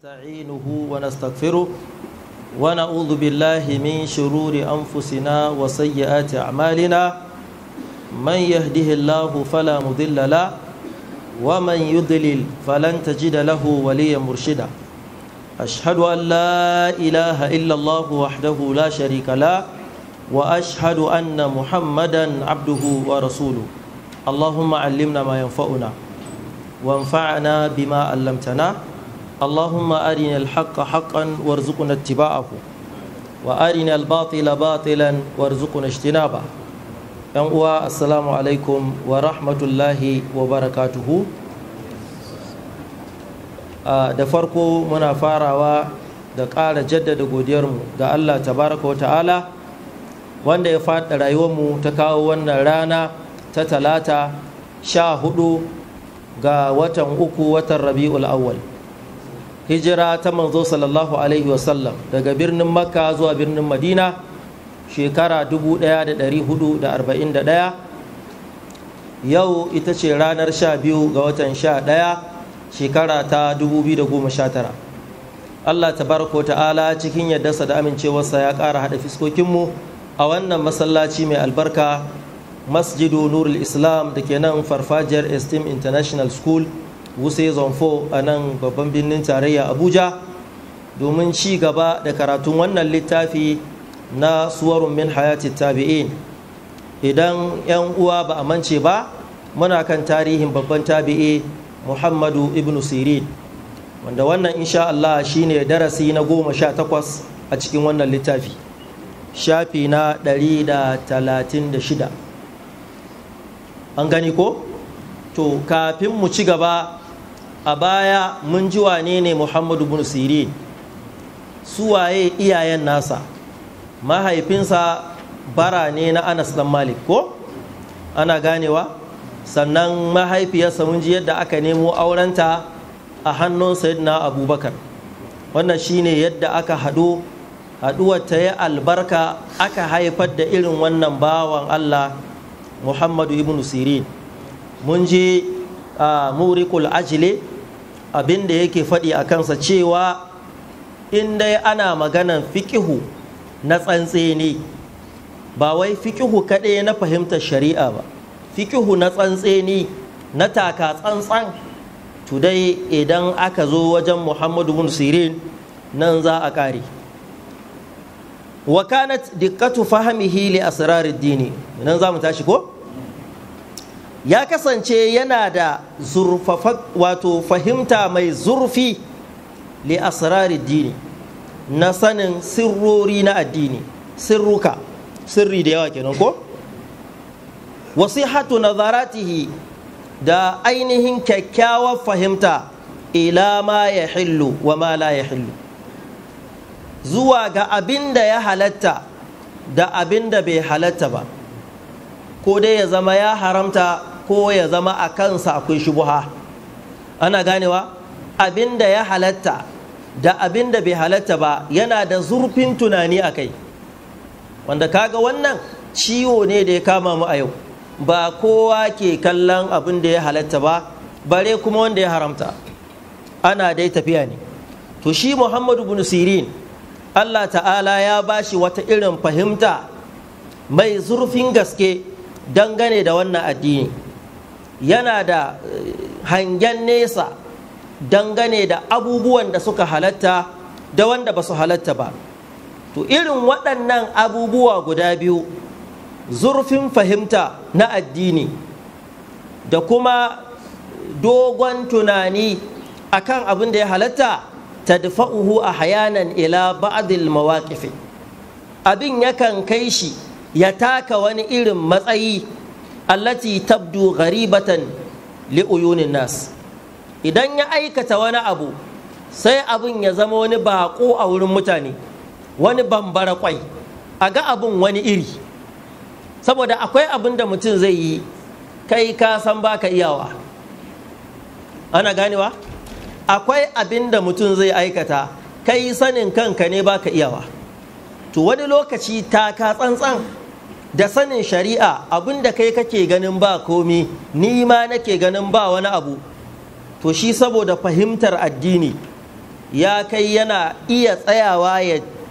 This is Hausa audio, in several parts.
نستعينه ونستغفره ونعوذ بالله من شرور أنفسنا وسيئات أعمالنا من يهده الله فلا مضل له ومن يضلل فلن تجد له وليا مرشدا أشهد أن لا إله إلا الله وحده لا شريك له وأشهد أن محمدا عبده ورسوله اللهم علمنا ما ينفعنا وانفعنا بما علمتنا اللهم أرنا الحق حقا وارزقنا اتباعه وأرنا الباطل باطلا وارزقنا اجتنابه yan uwa assalamu alaikum wa rahmatullahi wa barakatuhu da farko muna farawa da ƙara jaddada mu ga allah ta wa ta'ala wanda ya faɗa mu ta kawo wannan rana ta talata sha hudu ga watan uku watan rabi'ul awwal hijira ta manzo sallallahu alaihi wasallam daga birnin makka zuwa birnin madina shekara 1441 yau ita ce ranar 12 ga watan 11 shekara ta 2019 allah tabaraka ta'ala cikin sa da amincewarsa ya kara hada fiskokinmu a wannan masallaci mai albarka masjidu nurul islam da ke nan farfajiyar esteem international school wuse zonfo a nan babban birnin tarayya abuja domin ci gaba da karatun wannan littafi na suwarun min hayati tabi'in idan 'yan uwa ba a mance ba muna kan tarihin babban tabi'i muhammadu ibn sirin wanda wannan insha Allah ne darasi na goma sha takwas a cikin wannan littafi shafi na 136 an gani ko to kafin mu ci gaba a baya mun ji wane ne muhammadu bin sirin su waye iyayen nasa mahaifinsa bara ne na anas dan malik ko ana ganewa sannan mahaifiyarsa mun ji yadda aka nemo aurenta a hannun sayyidina abubakar wannan shine yadda aka haɗu haɗuwar ta yi albarka aka haifar da irin wannan bawan allah muhammadu ibn sirin mun ji ah, murikul ajile abin da yake faɗi a kansa cewa in dai ana maganan fikihu na tsantse ne ba wai fikihu kaɗai na fahimtar shari'a ba fikihu na tsantse ne na taka tsantsan dai idan aka zo wajen muhammadu bin sirin nan za a ƙare wa kanat dikkatu fahimihi li asrarid dini nan za mu tashi ko ya kasance yana da zurfafa wato fahimta mai zurfi li asrari dini na sanin sirrori na addini sirruka sirri da yawa kenan ko wasihatu nazaratihi da ainihin kyakkyawar fahimta ila ma ya hillu wa ma la ya hillu zuwa ga abin da ya halatta da abin da bai halatta ba ko dai ya zama ya haramta ko ya zama a kansa akwai shubuha ana ganewa abinda ya halatta da abinda bai halatta ba yana da zurfin tunani a kai wanda kaga wannan ciwo ne da ya kama mu a yau ba kowa ke kallon abin da ya halatta ba bare kuma wanda ya haramta ana dai tafiya ne to shi muhammadu bin sirin allah ta'ala ya ba shi wata irin fahimta mai zurfin gaske dangane da wannan addini yana da eh, hangen nesa dangane da abubuwan da suka halatta da wanda ba su halatta ba to irin waɗannan abubuwa guda biyu zurfin fahimta na addini da kuma dogon tunani akan abin da ya halatta uhu a hayanan ila ba'adil mawakifi abin yakan kai shi ya taka wani irin matsayi allati tabdu gharibatan li uyunin nas idan ya aikata wani abu sai abin ya zama wani baƙo a wurin mutane wani bambara kwai a ga abin wani iri saboda akwai abin da mutum zai yi kai ka san baka iyawa ana ganewa akwai abin da mutum zai aikata kai sanin kanka ne baka iyawa to wani lokaci ta ka tsantsan da sanin shari'a abinda kai kake ganin ba komi ni ma nake ganin ba wani abu to shi saboda fahimtar addini ya kai yana iya tsayawa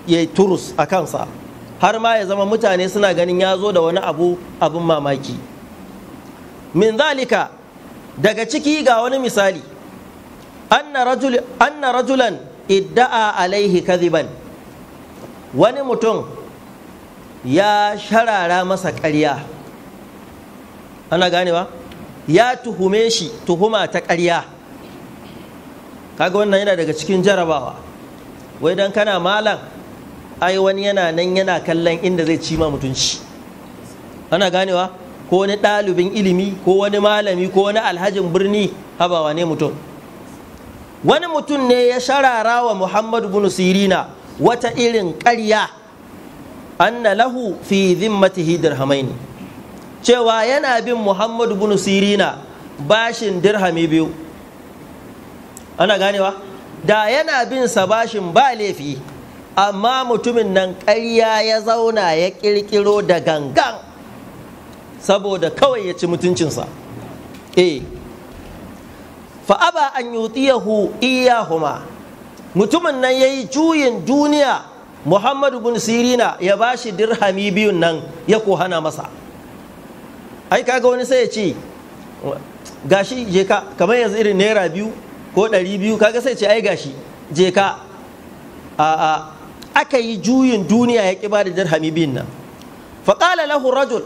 ya turus a kansa har ma ya zama mutane suna ganin ya zo da wani abu abin mamaki min zalika daga ciki ga wani misali anna rajulan idda'a alaihi kaziban wani mutum ya sharara masa ƙarya ana gane ba ya tuhume shi tuhuma ta ƙarya kaga wannan yana daga cikin jarabawa wai dan kana malam ai wani yana nan yana kallon inda zai ci ma mutunci ana ganewa ko wani ɗalibin ilimi ko wani malami ko wani alhajin birni habawa ne mutum wani mutum ne ya sharara wa muhammadu bin sirina wata irin ƙarya anna lahu fi zimmatihi dirhamaini cewa yana bin muhammadu bin sirina bashin dirhami biyu ana ganewa da yana bin sa bashin ba laifi amma mutumin nan ƙarya ya zauna ya ƙirƙiro da gangan saboda kawai ya ci mutuncinsa eh fa'aba an yutiyahu iyahuma mutumin nan ya yi juyin duniya muhammadu bin sirina ya ba shi dirhami biyun nan ya kohana masa ai kaga wani sai ya ce gashi je ka kamar yanzu irin naira biyu ko ɗari biyu kaga sai ce ai gashi je ka a'a aka yi juyin duniya ya ƙiba da dirhami biyun nan faƙala lahu rajul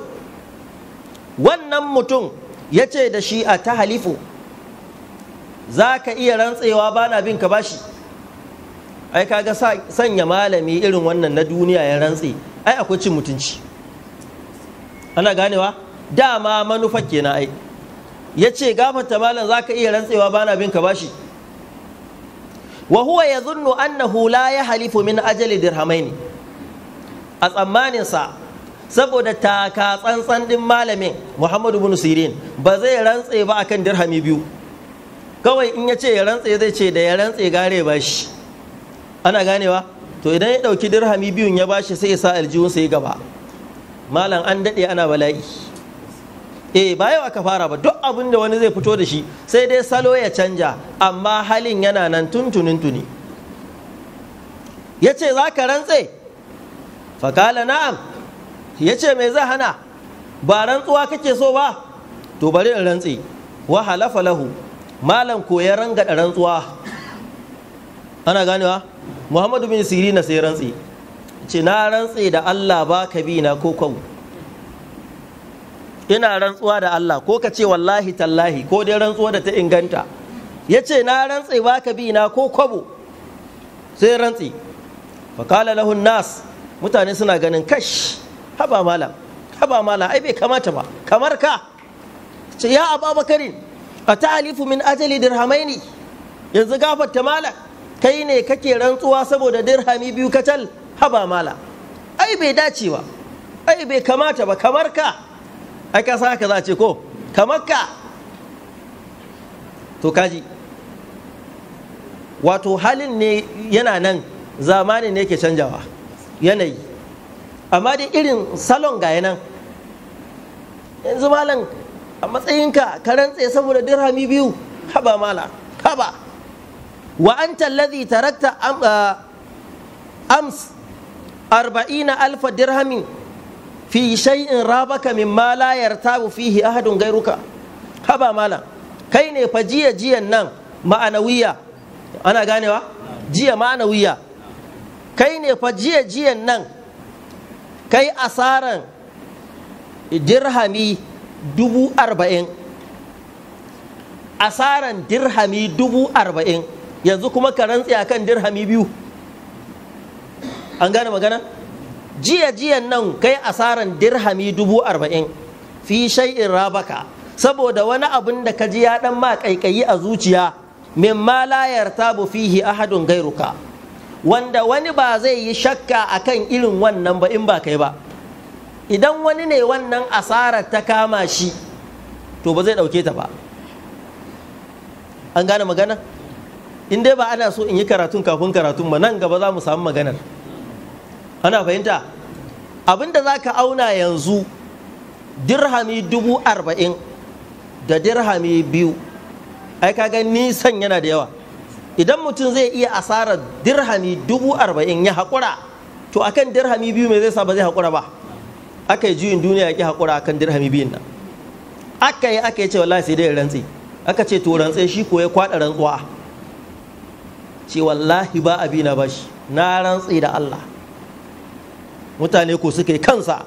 wannan mutum ya ce da shi a ta halifu za ka iya rantsewa bana bin ka bashi ai kaga sanya malami irin wannan na duniya ya rantse ai akwai cin mutunci ana ganewa dama manufa kenan ai ya ce gafarta malam za ka iya rantsewa bana bin ka bashi wa huwa ya zunnu annahu la ya halifu min ajali dirhamaini a tsammaninsa saboda taka tsantsan din malamin muhammadu bin sirin ba zai rantse ba akan dirhami biyu kawai in ya ce ya rantse zai ce da ya rantse gare ba shi ana ganewa to idan ya ɗauki dirhami biyun ya bashi sai ya sa aljihunsa ya gaba malam an daɗe ana bala'i eh ba yau aka fara ba duk abin da wani zai fito da shi sai dai salo ya canja amma halin yana nan tuntunin tuni ya ce za ka rantse fakala na'am ya ce mai zai hana ba rantsuwa kake so ba to bari in rantse wa halafa lahu malam ko ya rangada rantsuwa ana ganewa muhammadu bin sirina sai rantsi ce na rantsi da allah ba ka bi na ko kwau ina rantsuwa da allah ko ka ce wallahi tallahi ko dai rantsuwa da ta inganta ya ce na rantsi ba ka bi na ko kwabo sai rantsi. fakala lahun nas mutane suna ganin kash haba malam haba malam ai bai kamata ba kamar ka ce ya ababakarin a ta'alifu min ajali dirhamaini yanzu gafarta malam kai ne kake rantsuwa saboda dirhami biyu kacal haba mala ai bai dace ba ai bai kamata ba kamar ka ai ka haka za ce ko kamar ka to kaji wato halin ne yana nan zamanin ne ke canjawa yanayi amma dai irin salon ga nan yanzu malam a matsayinka ka rantse saboda dirhami biyu haba mala haba wa anta tarakta uh, ams na alfa dirhami, fi in rabaka mimma la yartabu fihi ahadun gairuka haba mala kai ne fa jiya jiyan nan ma'anawiya ana ganewa jiya ma'anawiya kai ne fa jiya jiyan nan kai asaran dirhami dubu arba'in asaran dirhami dubu arba'in yanzu kuma ka rantsi akan dirhami biyu an gane magana jiya jiyan nan kai asaran dirhami dubu arba'in fi shay'in rabaka saboda wani abun da ka ji ya dan ma kaikayi a zuciya min ma la bu fihi ahadun gairuka wanda wani ba zai yi shakka akan irin wannan ba in ba kai ba idan wani ne wannan asarar ta kama shi to ba zai ɗauke ta ba an gane magana in dai ba ana so in yi karatun kafin karatun ba nan gaba za mu samu maganar ana fahimta abinda za ka auna yanzu dirhami dubu arba'in da dirhami biyu ai kaga nisan yana da yawa idan mutum zai iya asarar dirhami dubu arba'in ya haƙura to akan dirhami biyu mai zai sa ba zai haƙura ba aka yi juyin duniya ya ƙi haƙura akan dirhami biyun nan aka yi aka yi ce wallahi sai dai rantsi aka ce to rantsai shi ko ya kwaɗa rantsuwa ce wallahi ba abi na bashi na rantsi da Allah mutane ko suka yi kansa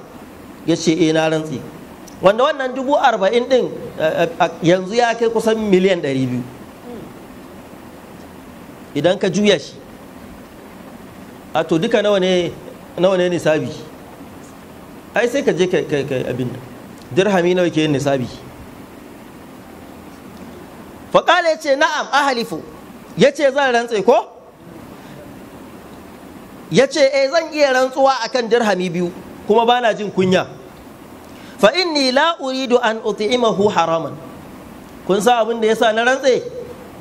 ya ce eh na rantsi wanda wannan dubu arba'in din yanzu ya kai kusan miliyan ɗari biyu idan ka juya shi a to duka nawa ne ne nisabi ai sai ka je ka abin nan dirhami nawa ke yin nisabi faƙala ya ce na'am ahalifu ya ce zan rantse ko ya ce eh zan iya rantsuwa akan dirhami biyu kuma bana jin kunya fa inni la uridu an uti'imahu haraman kun sa abin da yasa na rantse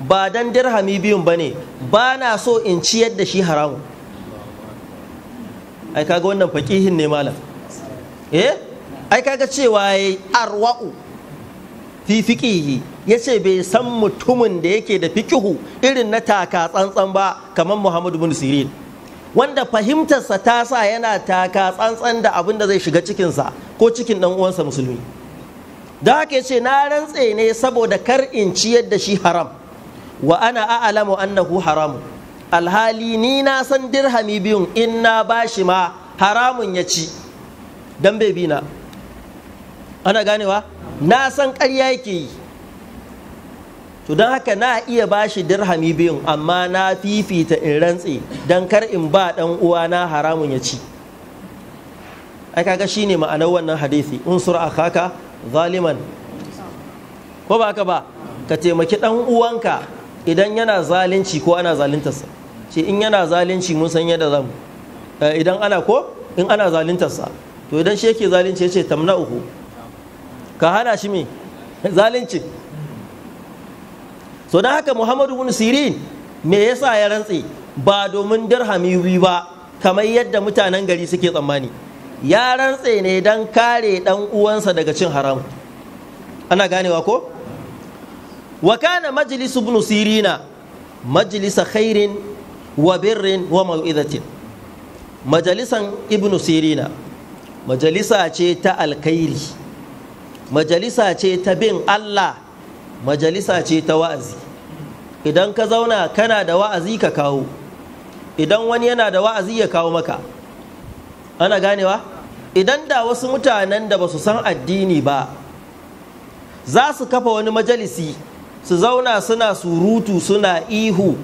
ba dan dirhami biyun bane ba na so in ciyar da shi haramun ai kaga wannan fakihin ne malam eh ai kaga cewa yayi arwa'u fi fiqihi ya ce bai san mutumin da yake da fikihu irin na taka tsantsan ba kamar muhammadu bin sirin wanda fahimtarsa ta sa yana taka tsantsan da abin da zai shiga cikinsa ko cikin ɗan uwansa musulmi da haka ce na rantse ne saboda kar in ci yadda shi haram wa ana a'lamu annahu haram alhali ni na san dirhami biyun in na bashi ma haramun ya ci dan bai bi na ana ganewa na san karya yake yi to don haka na iya bashi dirhami biyun amma na fifita in rantse don kar in ba dan uwana haramun ya ci ai kaga shine ma'anar wannan hadisi unsur akaka zaliman ko ba ka ba ka taimaki dan uwanka idan yana zalunci ko ana zaluntarsa ce in yana zalunci mun san yadda zamu eh, idan ana ko in ana zaluntarsa to idan shi yake zalunci ya ce tamna uku ka hana shi me zalunci so don haka muhammadu bin sirin me yasa ya rantse ba domin dirhami biyu ba kamar yadda mutanen gari suke tsammani ya rantse ne don kare dan uwansa daga cin haram ana ganewa ko wa kana majlis ibn sirina Majalisa khairin wa birrin wa mau'izatin majalisan ibn sirina majalisa ce ta alkhairi majalisa ce ta bin Allah majalisa ce ta wa'azi idan ka zauna kana da wa'azi ka kawo idan wani yana da wa'azi ya kawo maka ana ganewa idan da wasu mutanen da ba su san addini ba za su kafa wani majalisi su zauna suna surutu suna ihu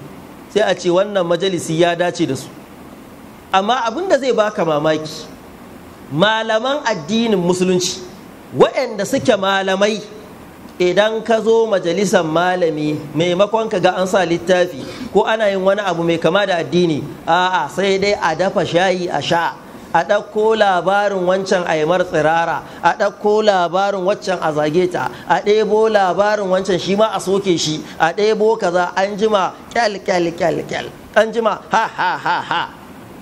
sai a ce wannan majalisi ya dace da su amma abin da zai baka mamaki malaman addinin musulunci waɗanda suke malamai idan ka zo majalisar malami maimakon ka ga an sa littafi ko ana yin wani abu mai kama da addini a'a sai dai a dafa shayi a sha a ɗauko labarin wancan aimar tsirara a ɗauko labarin wancan a zage ta a ɗebo labarin wancan shi ma a soke shi a ɗebo kaza an jima kyal an jima ha ha ha ha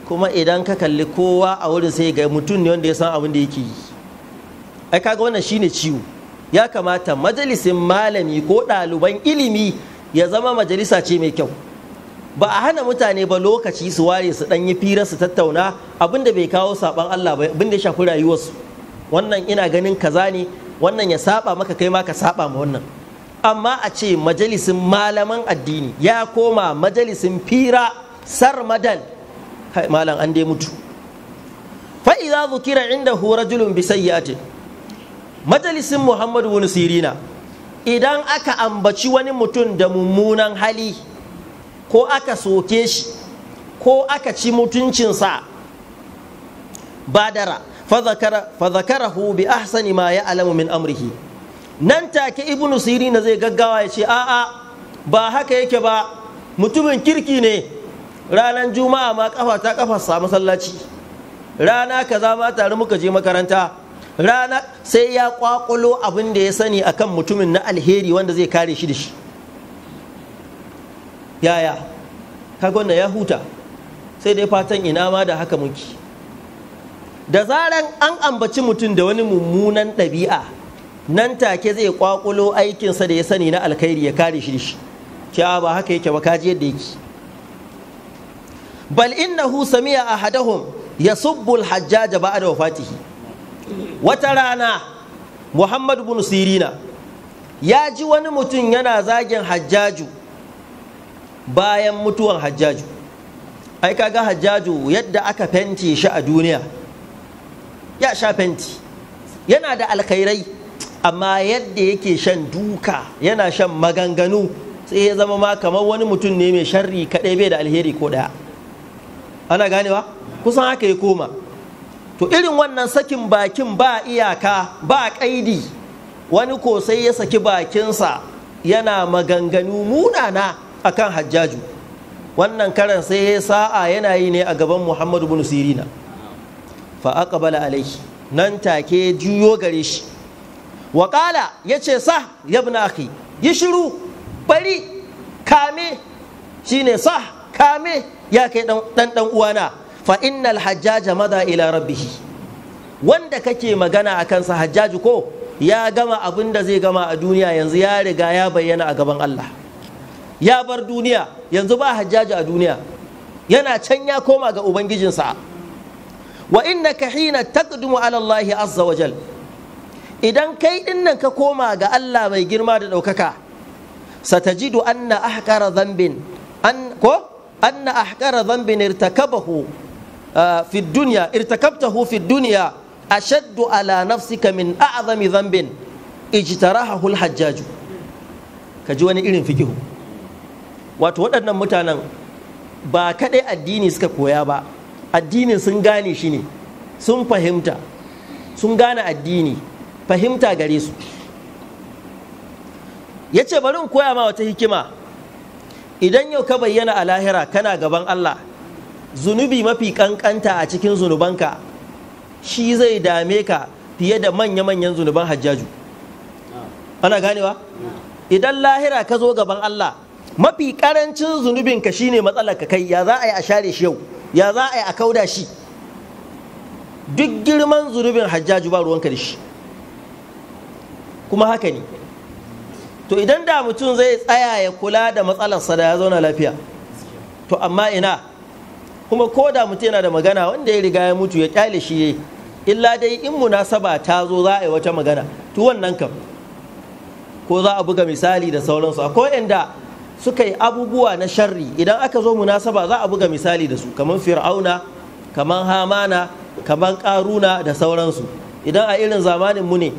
kuma idan ka kalli kowa a wurin sai ga mutum ne wanda ya san abin da yake yi ai kaga wannan shine ciwo ya kamata majalisin malami ko ɗaliban ilimi ya zama majalisa ce mai kyau ba a hana mutane ba lokaci su ware su ɗanyi firar su tattauna abin da bai kawo saɓan Allah ba abin da ya shafi rayuwarsu wannan ina ganin kaza ne wannan ya saɓa maka kai ma ka saɓa ma wannan amma a ce majalisin malaman addini ya koma majalisin fira sarmadan malam an dai mutu fa idza zukira indahu rajulun bi sayyi'atin majalisin muhammadu wani sirina idan aka ambaci wani mutum da mummunan hali ko aka soke shi ko aka ci mutuncinsa badara hu bi ahsani ma ya alamu min amrihi nan take ibnu sirina zai gaggawa ya ce a'a ba haka yake ba mutumin kirki ne ranar juma'a ma kafa ta kafa samu masallaci rana kaza ma tare muka je makaranta rana sai ya kwakulo abin da ya sani akan mutumin na alheri wanda zai kare shi da shi yaya kaga ya huta sai dai fatan ina ma da haka muke da zaran an ambaci mutum da wani mummunan ɗabi'a nan take zai kwakulo aikinsa da ya sani na alkhairi ya kare shi da shi cewa ba haka yake ba kaji yadda yake bal innahu sami'a ahadahum yasubbu al-hajjaj ba'da wafatihi wata rana muhammadu bin sirina ya ji wani mutum yana zagin hajjaju bayan mutuwan hajjaju ai kaga hajjaju yadda aka fenti shi a duniya ya sha fenti yana da alkhairai amma yadda yake shan duka yana shan maganganu sai ya zama ma kamar wani mutum ne mai sharri kaɗai bai da alheri ko ɗaya ana ganewa kusan haka ya koma to irin wannan sakin bakin ba iyaka ba ƙaidi wani ko sai ya saki bakinsa yana maganganu munana akan hajjaju wannan karan sai ya sa'a yana yi ne a gaban muhammadu bin sirina fa bala alaihi nan take juyo gare shi wa ya ce sa ya akhi yi shiru bari kame shine sa! kame ya kai ɗan ɗan uwana fa innal hajjaja mada ila rabbihi wanda kake magana a kansa hajjaji ko ya gama abin da zai gama a duniya yanzu ya riga ya bayyana a gaban Allah ya bar duniya yanzu ba hajjaji a duniya yana can ya koma ga ubangijinsa wa innaka hina taqdumu ala Allah azza wa jal idan kai dinnan ka koma ga Allah mai girma da ɗaukaka satajidu anna ahqara dhanbin an ko anna ahqara dhanbin irtakabahu fi dunya irtakabtahu fi dunya ashaddu ala nafsika min a'zami dhanbin ijtarahahu al-hajjaj ka ji wani irin fikihu wato waɗannan mutanen ba kaɗai addini suka koya ba addinin sun gane shi ne sun fahimta sun gane addini fahimta gare su ya ce bari in koya ma wata hikima idan yau ka bayyana a lahira kana gaban Allah zunubi mafi kankanta a cikin zunubanka shi zai dame ka fiye da manya-manyan zunuban hajjaju ana ganewa idan lahira ka zo gaban Allah mafi karancin zunubinka shine matsalar ka kai ya za a yi a share shi yau ya za a yi a kauda shi duk girman zunubin hajjaju ba ruwanka da shi kuma haka ne to idan da mutum zai tsaya ya kula da matsalarsa da ya zauna lafiya to amma ina kuma ko da mutum yana da magana wanda ya riga ya mutu ya kyale shi illa dai in munasaba ta zo za a yi wata magana to wannan kam ko za a buga misali da sauransu akwai inda suka yi abubuwa na sharri idan aka zo munasaba za a buga misali da su kamar fir'auna kamar hamana kamar karuna da sauransu idan a irin zamanin mu ne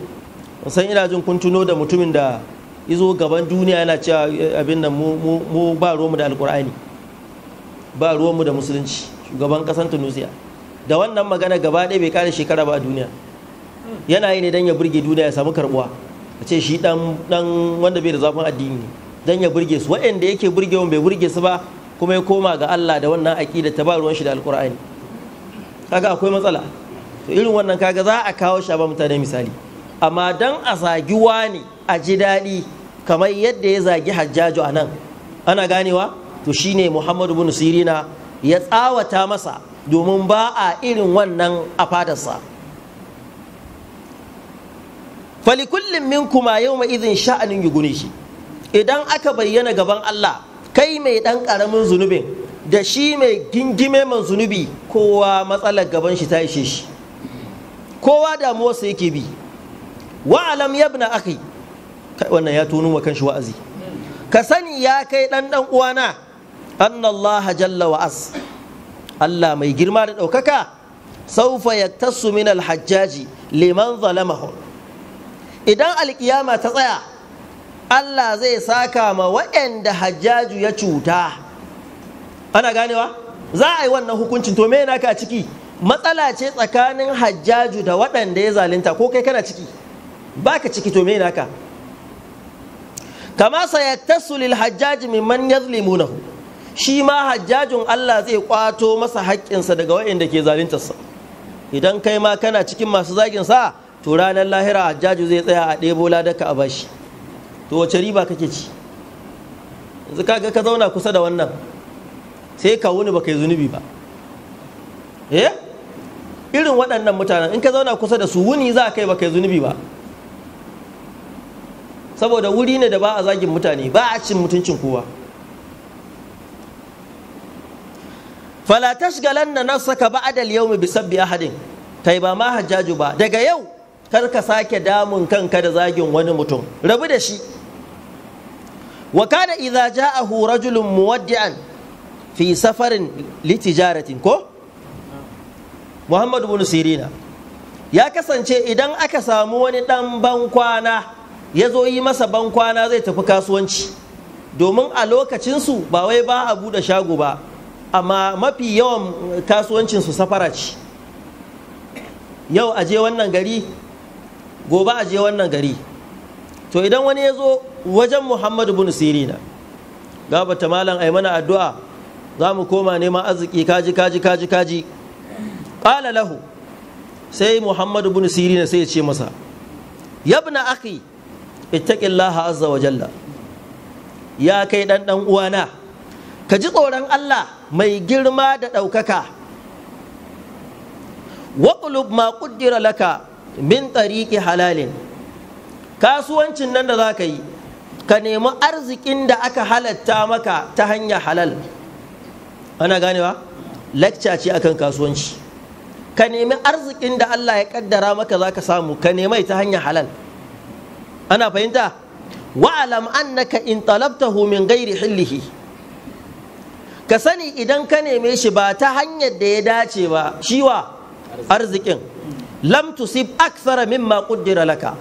san ina jin kun tuno da mutumin da izo gaban duniya yana cewa eh, abin nan mu ba mu da alkur'ani ba ruwanmu da musulunci shugaban ƙasar tunisia da wannan magana gaba ɗaya bai kare shekara ba a duniya yana yi ne don ya burge duniya ya samu karbuwa a ce shi ɗan wanda bai da zafin addini don ya burge su waɗanda yake burgewan bai burge su ba kuma ya koma ga Allah da wannan aƙida ta ba ruwan shi da alƙur'ani kaga akwai matsala to irin wannan kaga za a kawo shi a ba mutane misali amma dan a zagi wani a ji daɗi kamar yadda ya zagi hajjaju a nan ana ganewa to shine muhammadu bin sirina ya tsawata masa domin ba a irin wannan a fadarsa falikullin min kuma yau mai izin sha'anin yuguni shi idan aka bayyana gaban Allah kai mai ɗan karamin zunubin da shi mai gingime man zunubi kowa matsalar gaban shi ta ishe shi kowa damuwarsa yake bi wa'alam yabna akhi kai wannan ya tono wa kanshi wa'azi ka sani ya kai ɗan ɗan uwana anna Allah jalla Allah mai girma da ɗaukaka saufa yaktasu min alhajjaji liman zalamahum idan alkiyama ta tsaya Allah zai saka ma waɗanda hajjaju ya cuta ana ganewa za a yi wannan hukuncin to naka a ciki matsala ce tsakanin hajjaju da waɗanda ya zalunta ko kai kana ciki baka ciki to me naka kama sayattasu lil hajjaji mimman yazlimunahu shi ma hajjajin Allah zai kwato masa haƙƙinsa daga waɗanda ke zaluntarsa idan kai ma kana cikin masu zagin sa to ranar lahira hajjaju zai tsaya a ɗebo ladaka a bashi to wace riba kake ci yanzu kaga ka zauna kusa da wannan sai ka wuni baka yi zunubi ba eh irin waɗannan mutanen in ka zauna kusa da su wuni za kai baka yi zunubi ba saboda wuri ne da ba a zagin mutane ba a cin mutuncin kowa fala tashgalanna saka ba'da al-yawmi bi ahadin kai ba ma hajjaju ba daga yau kar ka sake damun kanka da zagin wani mutum rabu da shi wa kana idza ja'ahu rajulun muwaddi'an fi safarin litijaratin ko Muhammadu bin Sirina ya kasance idan aka samu wani dan bankwana ya zo yi masa bankwana zai tafi kasuwanci domin a lokacinsu ba wai ba a buɗe shago ba amma mafi yawan kasuwancin su safara ce yau aje wannan gari gobe aje wannan gari to idan wani ya zo wajen muhammadu bin sirina gabata malam ai mana addu'a za mu koma neman arziki kaji kaji kaji kaji ƙala lahu sai muhammadu bin sirina sai ya ce masa yabna akhi ittaqillaha azza wa jalla ya kai dan dan uwana ka ji tsoron Allah mai girma da ɗaukaka waƙulub ma ƙuddira laka min tsariki halalin kasuwancin nan da za ka yi ka nemi arzikin da aka halatta maka ta hanyar halal ana ganewa lakca ce akan kasuwanci ka nemi arzikin da Allah ya ƙaddara maka za ka samu ka nemi ta hanyar halal ana fahimta wa'alam annaka in talabtahu min gairi hillihi ka sani idan ka neme shi ba ta hanyar da ya dace ba shiwa arzikin lam aksara min mimma kuddira laka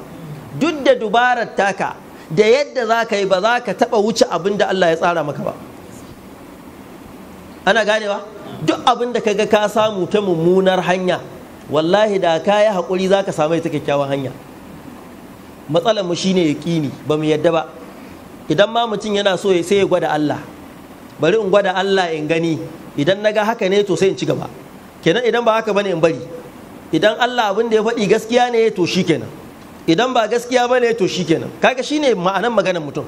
duk da dubarar taka da yadda za ka yi ba za ka taɓa wuce abin da Allah ya tsara maka ba ana ganewa duk abin da ka ga ka samu ta mummunar hanya wallahi da ka yi haƙuri za ka samu ita kyakkyawan hanya matsalar mu shine yaƙini ba mu yadda ba idan ma mutum yana so ya sai ya gwada Allah bari in gwada Allah in gani idan na ga haka ne to sai in ci gaba kenan idan ba haka bane in bari idan Allah abin da ya faɗi gaskiya ne to shikenan idan ba gaskiya bane to shikenan kaga shine ma'anan maganar mutum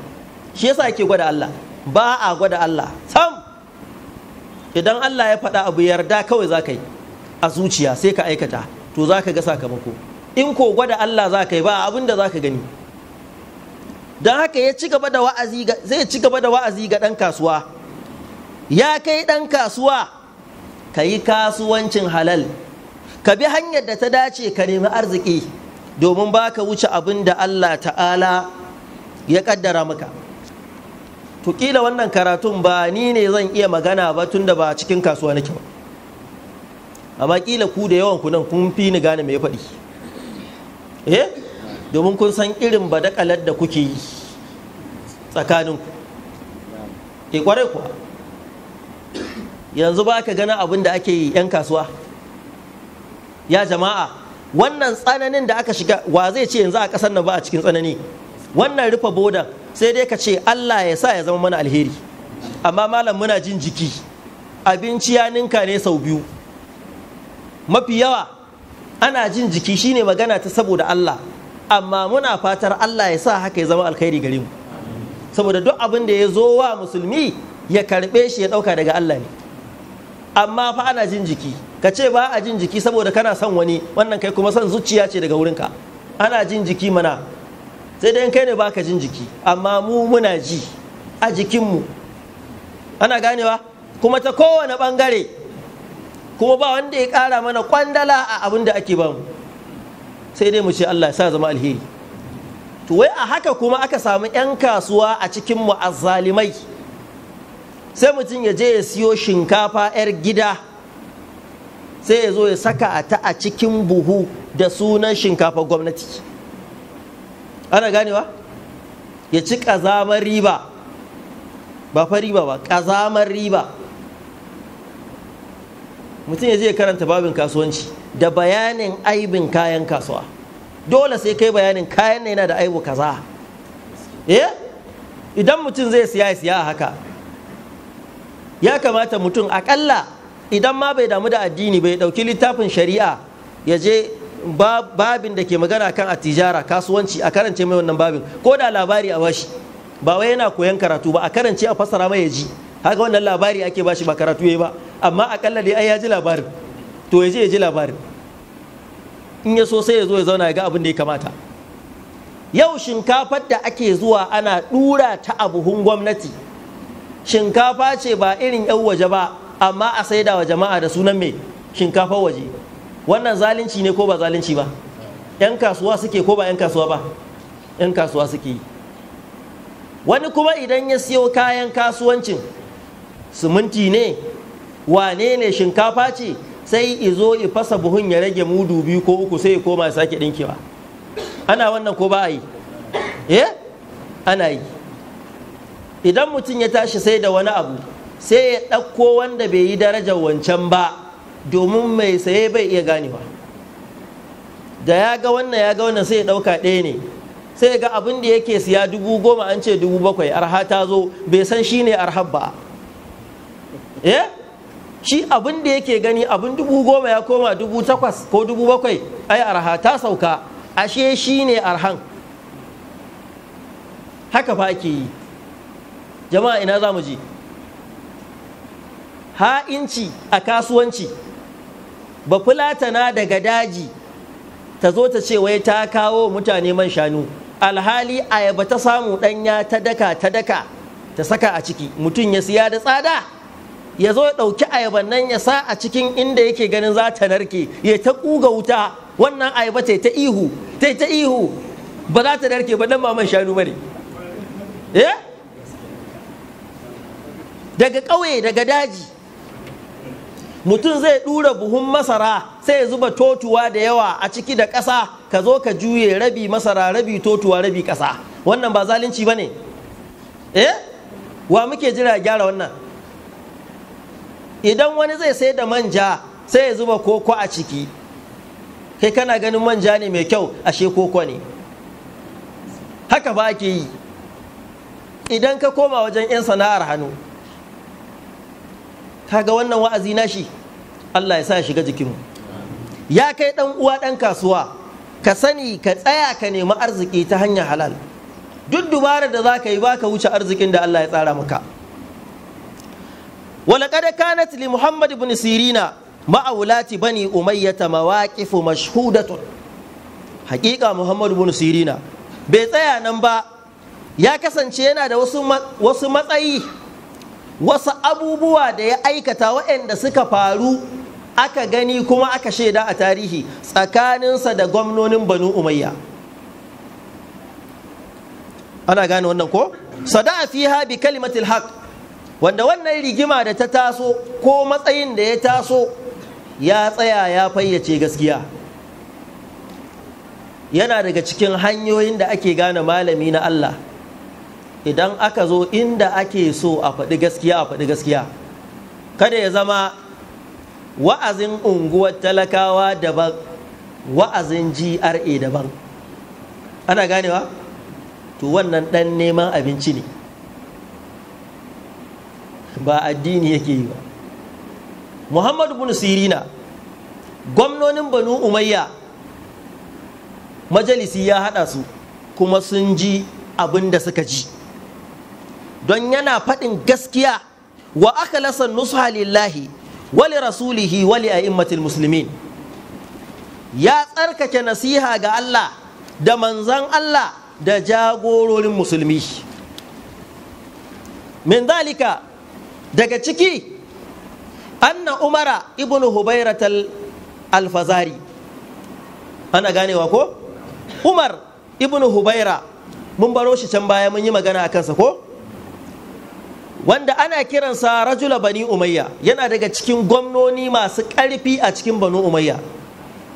shi yasa ake gwada Allah ba a gwada Allah sam idan Allah ya faɗa abu yarda kawai za yi a zuciya sai ka aikata to zaka ga sakamako in ko gwada Allah za yi ba abin da zaka gani don haka ya ci gaba da wa'azi ga ɗan kasuwa ya kai ɗan kasuwa ka yi kasuwancin halal ka bi hanyar da ta dace ka nemi arziki domin ba ka wuce abin da Allah ta'ala ya ƙaddara maka to kila wannan karatun ba ni ne zan iya magana ba tun da ba cikin kasuwa nake ba amma kila ku da yawan nan kun fi ni gane mai faɗi eh domin kun san irin badakalar da kuke yi tsakaninku e eh, kwarai kuwa yanzu ba ka gana abin da ake yi 'yan kasuwa ya jama'a wannan tsananin da aka shiga wa zai ce yanzu a ƙasar nan ba a cikin tsanani wannan rufe bodan sai dai ka ce Allah ya sa ya zama mana alheri amma malam muna jin jiki abinci ya ninka ne sau biyu mafi yawa ana jin jiki shine magana ta saboda Allah amma muna fatar Allah ya sa haka ya zama alkhairi gare mu saboda duk abin da ya zo wa musulmi ya karɓe shi ya ɗauka daga Allah ne amma fa ana jin jiki ka ce ba a jin jiki saboda kana son wani wannan kai kuma son zuciya ce daga wurinka ana jin jiki mana sai dai kai ne baka jin jiki amma mu muna ji a jikinmu ana ganewa kuma ta kowane bangare kuma ba wanda ya kara mana kwandala a abin da ake bamu sai dai mu ce Allah ya sa zama alheri to wai a haka kuma aka samu 'yan kasuwa a cikin mu azzalimai sai mutum ya je ya siyo shinkafa 'yar gida sai ya zo ya saka ta a cikin buhu da sunan shinkafa gwamnati ana ganewa ya ci ƙazamar riba ba fa riba ba ƙazamar riba mutum ya je ya karanta babin kasuwanci da bayanin aibin kayan kasuwa dole sai kai bayanin kayan na yana da aibu kaza eh idan mutum zai siya ya siya haka ya kamata mutum akalla idan ma bai damu da addini bai dauki littafin shari'a ya je babin da ke magana kan a tijara kasuwanci a karance mai wannan babin ko da labari a bashi ba wai yana koyan karatu ba a karance a fassara mai ya ji haka wannan labari ake bashi ba karatu ya ba amma akalla dai ai ya ji labarin to ya je ya ji labarin in ya so sai ya zo ya zauna ya ga abin da ya kamata yau shinkafar da ake zuwa ana dura ta abuhun gwamnati shinkafa ce ba irin yan waje ba amma a saida wa jama'a da sunan mai shinkafa waje wannan zalunci ne ko ba zalunci ba yan kasuwa suke ko ba yan kasuwa ba yan kasuwa suke wani kuma idan ya siyo kayan kasuwancin siminti ne wane ne shinkafa ce sai izo i fasa buhun ya rage mudu biyu ko uku sai ya koma ya sake ɗinkewa ana wannan ko ba a yi eh ana yi idan mutum ya tashi sai da wani abu sai ya ɗauko wanda bai yi darajar wancan ba domin mai saye bai iya ganewa da ya ga wannan ya ga wannan sai ya ɗauka ɗaya ne sai ga abin da yake siya dubu goma an ce dubu bakwai arha ta zo bai san shi ne arha ba eh shi abin da yake gani abin dubu goma ya koma dubu takwas ko dubu bakwai ai arha ta sauka ashe shi ne arhan haka fa ake yi jama'a ina za mu je? ha'inci a kasuwanci ba fulatana daga daji ta zo ta ce wai ta kawo mutane man shanu alhali ayaba ta samu ɗanya ta daka ta daka ta saka a ciki mutum ya siya da tsada ya zo ya ɗauki ayaban nan ya sa a cikin inda yake ganin za ta narke ya ta ƙuga wuta wannan ayaba ta ta ihu ta ta ihu ba za ta narke ba dan ba man shanu bane eh daga ƙauye daga daji mutum zai ɗura buhun masara sai ya zuba totuwa da yawa a ciki da ƙasa ka zo ka juye rabi masara rabi totuwa rabi ƙasa wannan ba zalunci ba ne eh wa muke jira gyara wannan idan wani zai sai da manja sai ya zuba koko a ciki kai kana ganin manja ne mai kyau ashe koko ne haka ba ke yi idan ka koma wajen 'yan sana'ar hannu kaga wannan wa'azi nashi? Allah ya sa ya shiga jikinmu ya kai dan uwa dan kasuwa ka sani ka tsaya ka nemi arziki ta hanyar halal duk dubarar da za ka yi ba ka wuce arzikin da Allah ya tsara maka ولقد كانت لمحمد بن سيرين مع ولاة بني أمية مواقف مشهودة حقيقة محمد بن سيرين bai tsaya nan ba ya kasance yana da wasu matsayi wasu abubuwa da ya aikata waɗanda suka faru aka gani kuma aka shaida a tarihi tsakaninsa da gwamnonin banu umayya ana gane wannan ko sada'a fiha bi kalimatil haq wanda wannan rigima da ta taso ko matsayin da ya taso ya tsaya ya fayyace gaskiya yana daga cikin hanyoyin da ake gane malami na Allah idan aka zo inda ake so a faɗi gaskiya a faɗi gaskiya kada ya zama wa'azin unguwar talakawa daban wa'azin gra daban ana ganewa to wannan ɗan neman abinci ne ba addini yake yi ba muhammadu bin sirina gwamnonin banu umayya majalisi ya haɗa su kuma sun ji abin da suka ji don yana faɗin gaskiya wa aka lasa nusuha lillahi wali rasulihi wali a'immatil musulmin. ya tsarkake nasiha ga Allah da manzan Allah da jagororin musulmi min zalika daga ciki anna umara ibn hubairatal alfazari ana ganewa ko umar ibn hubaira mun baro shi can baya mun yi magana a kansa ko wanda ana kiransa rajula bani umayya yana daga cikin gwamnoni masu ƙarfi a cikin banu umayya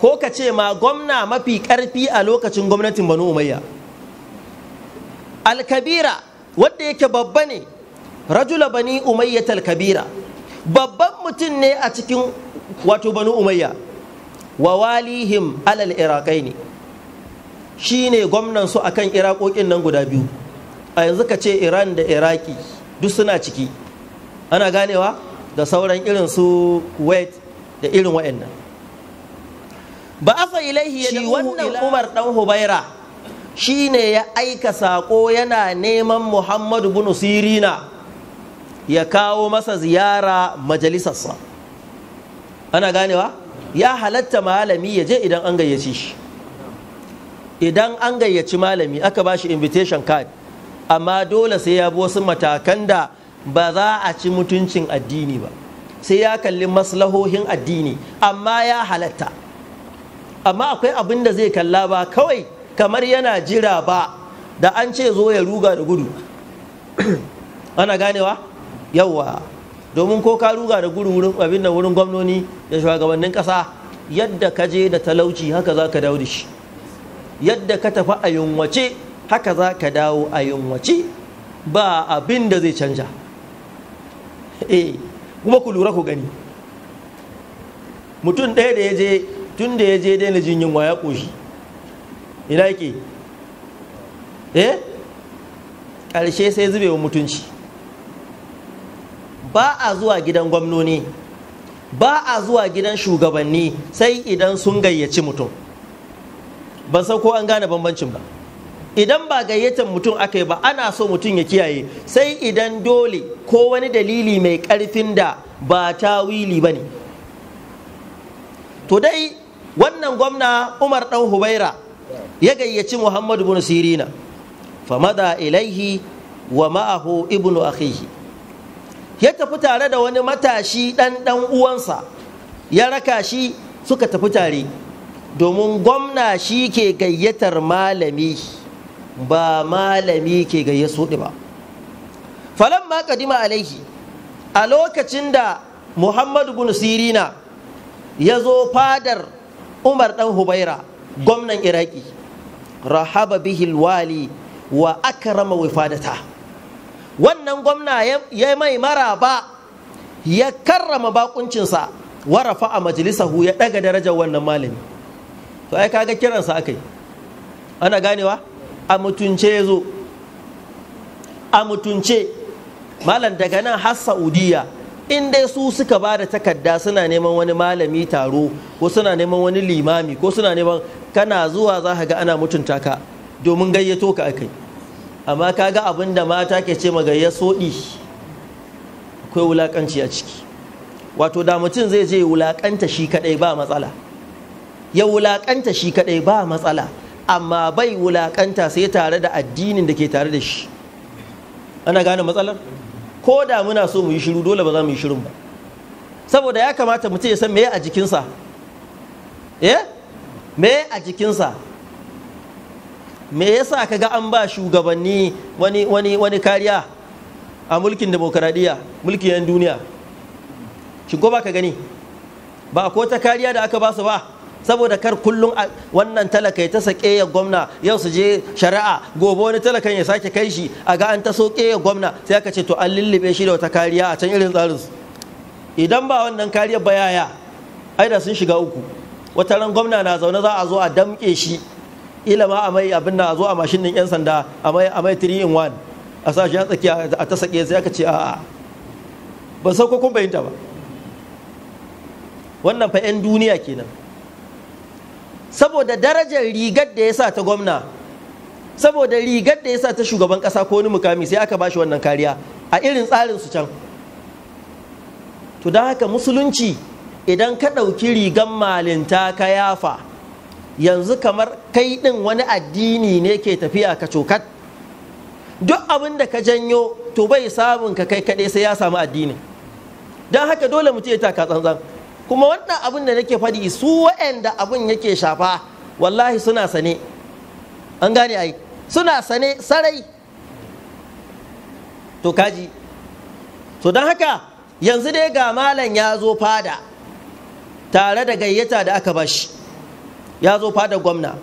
ko ka ce ma gwamna mafi ƙarfi a lokacin gwamnatin banu umayya alkabira wanda yake babba ne rajula bani umayya talkabira babban mutum ne a cikin wato banu umayya wa walihim alal iraqai ne shi ne gwamnansu akan irakokin nan guda biyu a yanzu ka ce iran da iraki duk suna ciki ana ganewa da sauran irin su kuwait da irin wa'annan ba fa ilaihi ya wannan umar dan hubaira shine ya aika sako yana neman muhammadu bin sirina ya kawo masa ziyara majalisarsa ana ganewa ya halatta malami ya je idan an gayyace shi idan an gayyaci malami aka ba shi invitation card amma dole sai ya bi wasu matakan da ba za a ci mutuncin addini ba sai ya kalli maslahohin addini amma ya halatta amma akwai abin da zai kalla ba kawai kamar yana jira ba da an ce zo ya ruga da gudu ana ganewa yauwa domin ko ka ruga da gudu wurin abin da wurin gwamnoni da shugabannin kasa yadda ka je da talauci haka za ka dawo da shi yadda ka tafi a yunwace haka za ka dawo a yunwaci ba abin da zai canja eh kuma ku lura ku gani mutum ɗaya da ya je tun da ya je daina jin yunwa ya ƙoshi ina yake eh ƙarshe sai zube wa mutunci ba a zuwa gidan gwamnoni ba a zuwa gidan shugabanni sai idan sun gayyaci mutum ban san ko an gane bambancin ba idan ba gayyatar mutum aka yi ba ana so mutum ya kiyaye sai idan dole ko wani dalili mai ƙarfin da ba tawili ba ne to dai wannan gwamna umar ɗan hubaira ya gayyaci muhammadu bin sirina famada ilaihi wa ma'ahu ibnu akhihi ya tafi tare da wani matashi ɗan ɗan uwansa ya raka shi suka tafi tare domin gwamna shi ke gayyatar malami ba malami ke gayya suɗi ba ma kadima alaihi a lokacin da muhammadu bin sirina ya zo fadar umar dan hubaira gwamnan iraki rahaba bihil wali wa akrama wifadata wannan gwamna ya mai mara ba, ya karrama bakuncinsa wa a majalisahu ya ɗaga darajar wannan malami to ai kaga kiransa akai ana ganewa a mutunce ya zo a mutunce malam daga nan har saudiya in dai su suka ba da takarda suna neman wani malami taro ko suna neman wani limami ko suna neman kana zuwa za ka ga ana mutunta ka domin gayyato ka akai amma ka ga abin da mata ke ce magayya soɗi akwai wulaƙanci a ciki wato da mutum zai je wulaƙanta shi kaɗai ba matsala ya wulaƙanta shi kaɗai ba matsala amma bai wulaƙanta sai tare da addinin da ke tare da shi ana gane matsalar ko da muna so mu yi shiru dole ba za mu yi shirin ba saboda ya kamata mutum ya san me a jikinsa eh me a jikinsa me yasa ga an ba shugabanni wani wani wani kariya a mulkin demokradiyya mulkin yan duniya shigo ba ka gani ba ko ta kariya da aka ba su ba saboda kar kullum wannan talaka ya ta sake ya gwamna yau su je shari'a gobe wani talakan ya sake kai shi a ga an ta soke ya gwamna sai aka ce to an lullube shi da wata kariya a can irin tsarin su idan ba wannan kariyar ba yaya ai da sun shiga uku wata ran gwamna na zaune za a zo a damke shi ilama a mai abin na a zo a mashin din yan sanda a mai a mai 3 in 1 a sa shi a tsakiya a ta sake sai aka ce a'a ba sauko kun bayinta ba wannan fa 'yan duniya kenan saboda darajar rigar da ya sa ta gwamna saboda rigar da ya sa ta shugaban kasa ko wani mukami sai aka bashi wannan kariya a irin tsarin su can to don haka musulunci idan ka ɗauki rigar malinta ka yafa yanzu kamar kai ɗin wani addini ne ke tafiya ka cokat duk abin da ka janyo to bai samun ka kai kaɗai sai ya samu addini. don haka dole mutum ya taka tsantsan kuma wannan abin da nake faɗi su waanda abin yake shafa wallahi suna sane an gane ai suna sane sarai to kaji to don haka yanzu dai ga malam ya zo fada tare da gayyata da aka bashi ya zo fada gwamna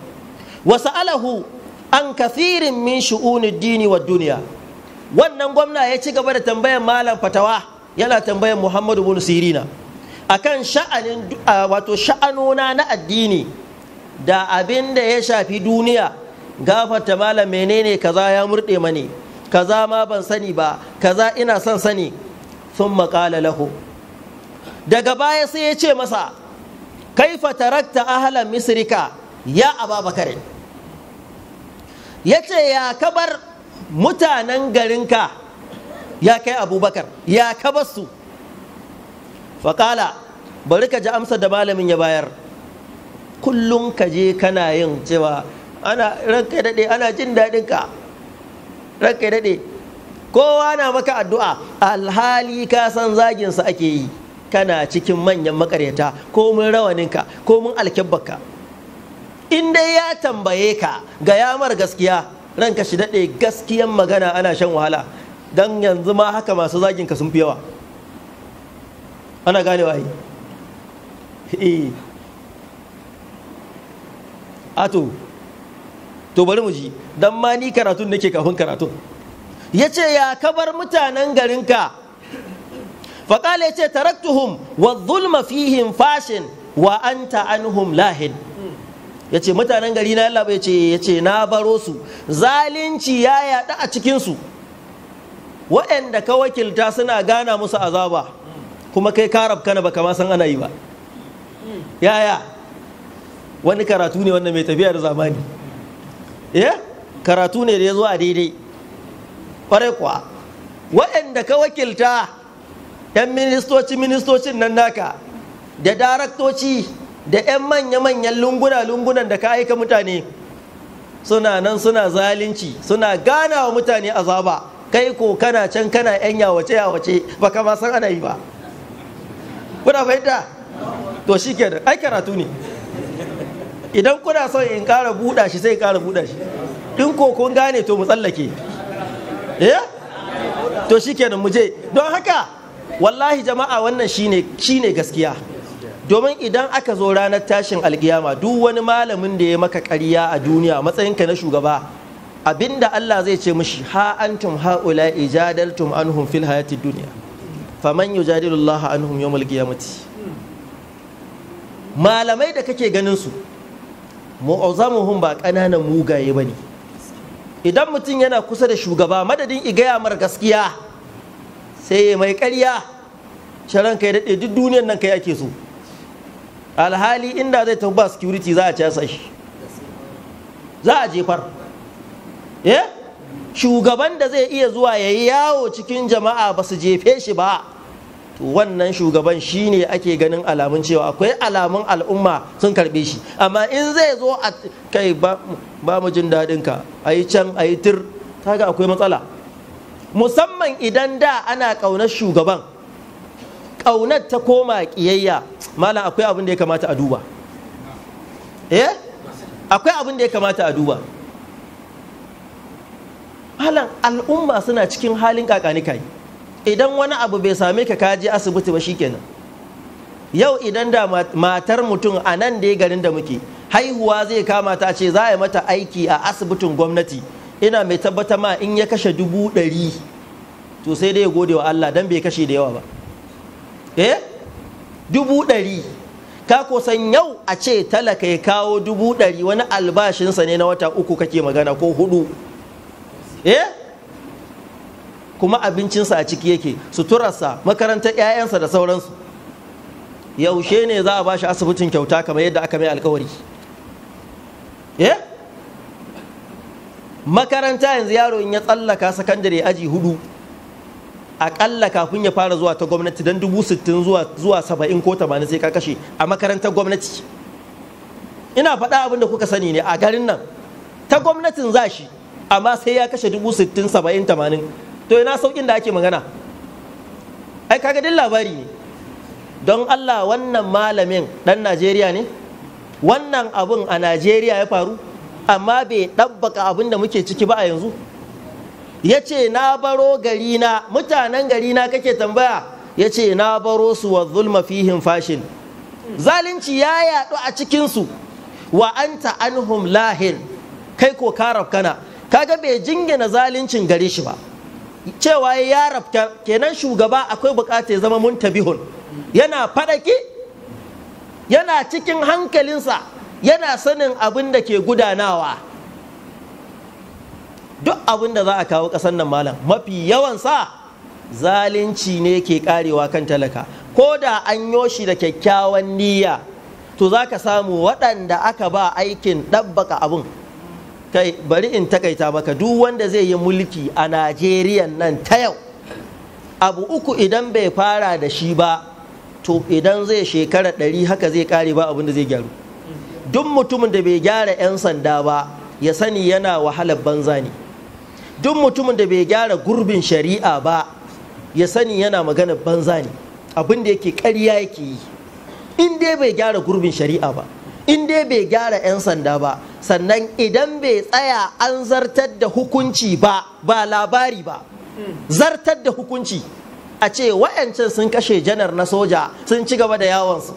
wasu alahu an kafirin min shu'unin dini wa duniya wannan gwamna ya ci gaba da tambayan malam fatawa yana tambayan muhammadu bin sirina akan sha'anin wato sha'anuna na addini da abin da ya shafi duniya gafarta malam menene kaza ya murɗe mani kaza ma ban sani ba kaza ina son sani sun maƙala laho daga baya sai ya ce masa kaifa tarakta ahalan misirika, ya ababakar ya ce ya kabar mutanen garinka ya kai abubakar ya kabar su faƙala bari ka ji amsa da malamin ya bayar kullum ka je kana yin cewa ana ranka daɗe ana jin daɗin ka daɗe kowa na maka addu'a alhali ka san zaginsa ake yi kana cikin manyan makaryata ko mun rawaninka ko mun alkyabbaka in dai ya tambaye ka ga yamar gaskiya ranka shi daɗe gaskiyan magana ana shan wahala don yanzu ma haka masu zaginka sun fi yawa ana gane waye eh ato ah, to bari mu ji dan ma ni karatun nake kafin karatun yace ya kabar mutanen garinka ya ce taraktuhum wa zulma fihim fashin wa anta anhum lahin Ya ce mutanen gari na Allah bai ce yace na baro su zalunci ya yada a cikinsu. waɗanda ka wakilta suna gana musu azaba kuma kai ka na baka ma san ana yi ba yaya wani karatu ne wannan mai tafiya da zamani eh karatu ne da ya zo a daidai kwarai kuwa waɗanda ka wakilta 'yan ministoci ministocin nan naka da daraktoci da 'yan manya-manyan lunguna-lungunan da ka aika mutane suna nan suna zalunci suna gana wa mutane azaba kai ko kana can kana 'yan yawace-yawace ba kama san ana yi ba kuna fahimta to shi kenan ai karatu ne idan kuna son in kara buɗa shi sai kara buɗa shi in ko kun gane to mu tsallake eh to shi kenan mu je don haka wallahi jama'a wannan shine shine gaskiya domin idan aka zo ranar tashin alkiyama duk wani malamin da ya maka ƙarya a duniya matsayinka na shugaba abinda Allah zai ce mishi ha antum haula ijadaltum anhum fil hayatid duniya faman yujadilu Allah anhum ya qiyamati malamai da kake ganin su mu'azzamuhum ba kananan mugaye bane idan mutum yana kusa da shugaba madadin igaya mar gaskiya sai mai ƙarya sharan kai daɗe duk duniyar nan kai ake so alhali inda zai tafi ba security za a ci shi za a jefar eh? shugaban da zai iya zuwa ya yi yawo cikin jama'a ba su jefe shi ba wannan shugaban shine ake ganin alamun cewa akwai alamun al'umma sun karbe shi amma in zai zo a kai ba mu jin daɗin ka ayi can a yi tir ga akwai matsala musamman idan da ana ƙaunar shugaban ƙaunar ta koma ƙiyayya malam akwai abin da ya kamata a duba eh akwai abin da ya kamata a duba malam al'umma suna cikin halin kakani kai idan wani abu bai sami ka kaji asibiti ba shikenan yau idan da matar mutum a nan da ya garin da muke haihuwa zai kama ta ce za a yi mata aiki a asibitin gwamnati ina mai tabbata ma in ya kashe dubu ɗari to sai dai ya gode wa Allah dan bai kashe da yawa ba eh dubu ɗari ka san yau a ce talaka ya kawo dubu ɗari wani albashinsa ne na wata uku kake magana ko hudu eh kuma abincinsa a ciki yake suturarsa makarantar 'ya'yansa da sauransu yaushe ne za a ba shi asibitin kyauta kamar yadda aka mai alkawari eh? makaranta yanzu yaro in ya tsallaka sakandare aji hudu akalla kafin ya fara zuwa ta gwamnati don dubu sittin zuwa saba'in ko tamanin sai ka kashe a makarantar gwamnati ina faɗa abin da kuka sani ne a garin nan ta gwamnatin za shi amma sai ya kashe dubu sittin saba'in tamanin to ina saukin da ake magana ai kaga din labari ne don Allah wannan malamin dan Najeriya ne wannan abun a Najeriya ya faru amma bai ɗabbaka abin da muke ciki ba a yanzu ya ce na baro gari na mutanen gari na kake tambaya ya ce na baro su wa zulma fihim fashin zalunci ya yaɗu a cikinsu wa anta anhum lahin kai ko karab kana kaga bai jingina zaluncin gare shi ba cewa ya rabta kenan shugaba akwai ya zama muntabihun yana fadaki yana cikin hankalinsa yana sanin abin da ke gudanawa duk abin da za a kawo ƙasar nan malam mafi yawansa zalunci ne ke karewa kan talaka ko da an yoshi da kyakkyawan niyya to za ka samu waɗanda aka ba aikin ɗabbaka abin kai bari in takaita maka duk wanda zai yi mulki a najeriya nan ta yau abu uku idan bai fara da shi ba to idan zai shekara ɗari haka zai kare ba abinda zai gyaru duk mutumin da bai gyara 'yan sanda ba ya sani yana wahalar banza ne duk mutumin da bai gyara gurbin shari'a ba ya sani yana maganar banza ne abinda yake ƙarya yake yi in dai bai gyara gurbin shari'a ba in dai bai gyara 'yan sanda ba sannan idan bai tsaya an zartar da hukunci ba ba labari ba zartar da hukunci a ce wa'yancin sun kashe janar na soja sun ci gaba da yawonsu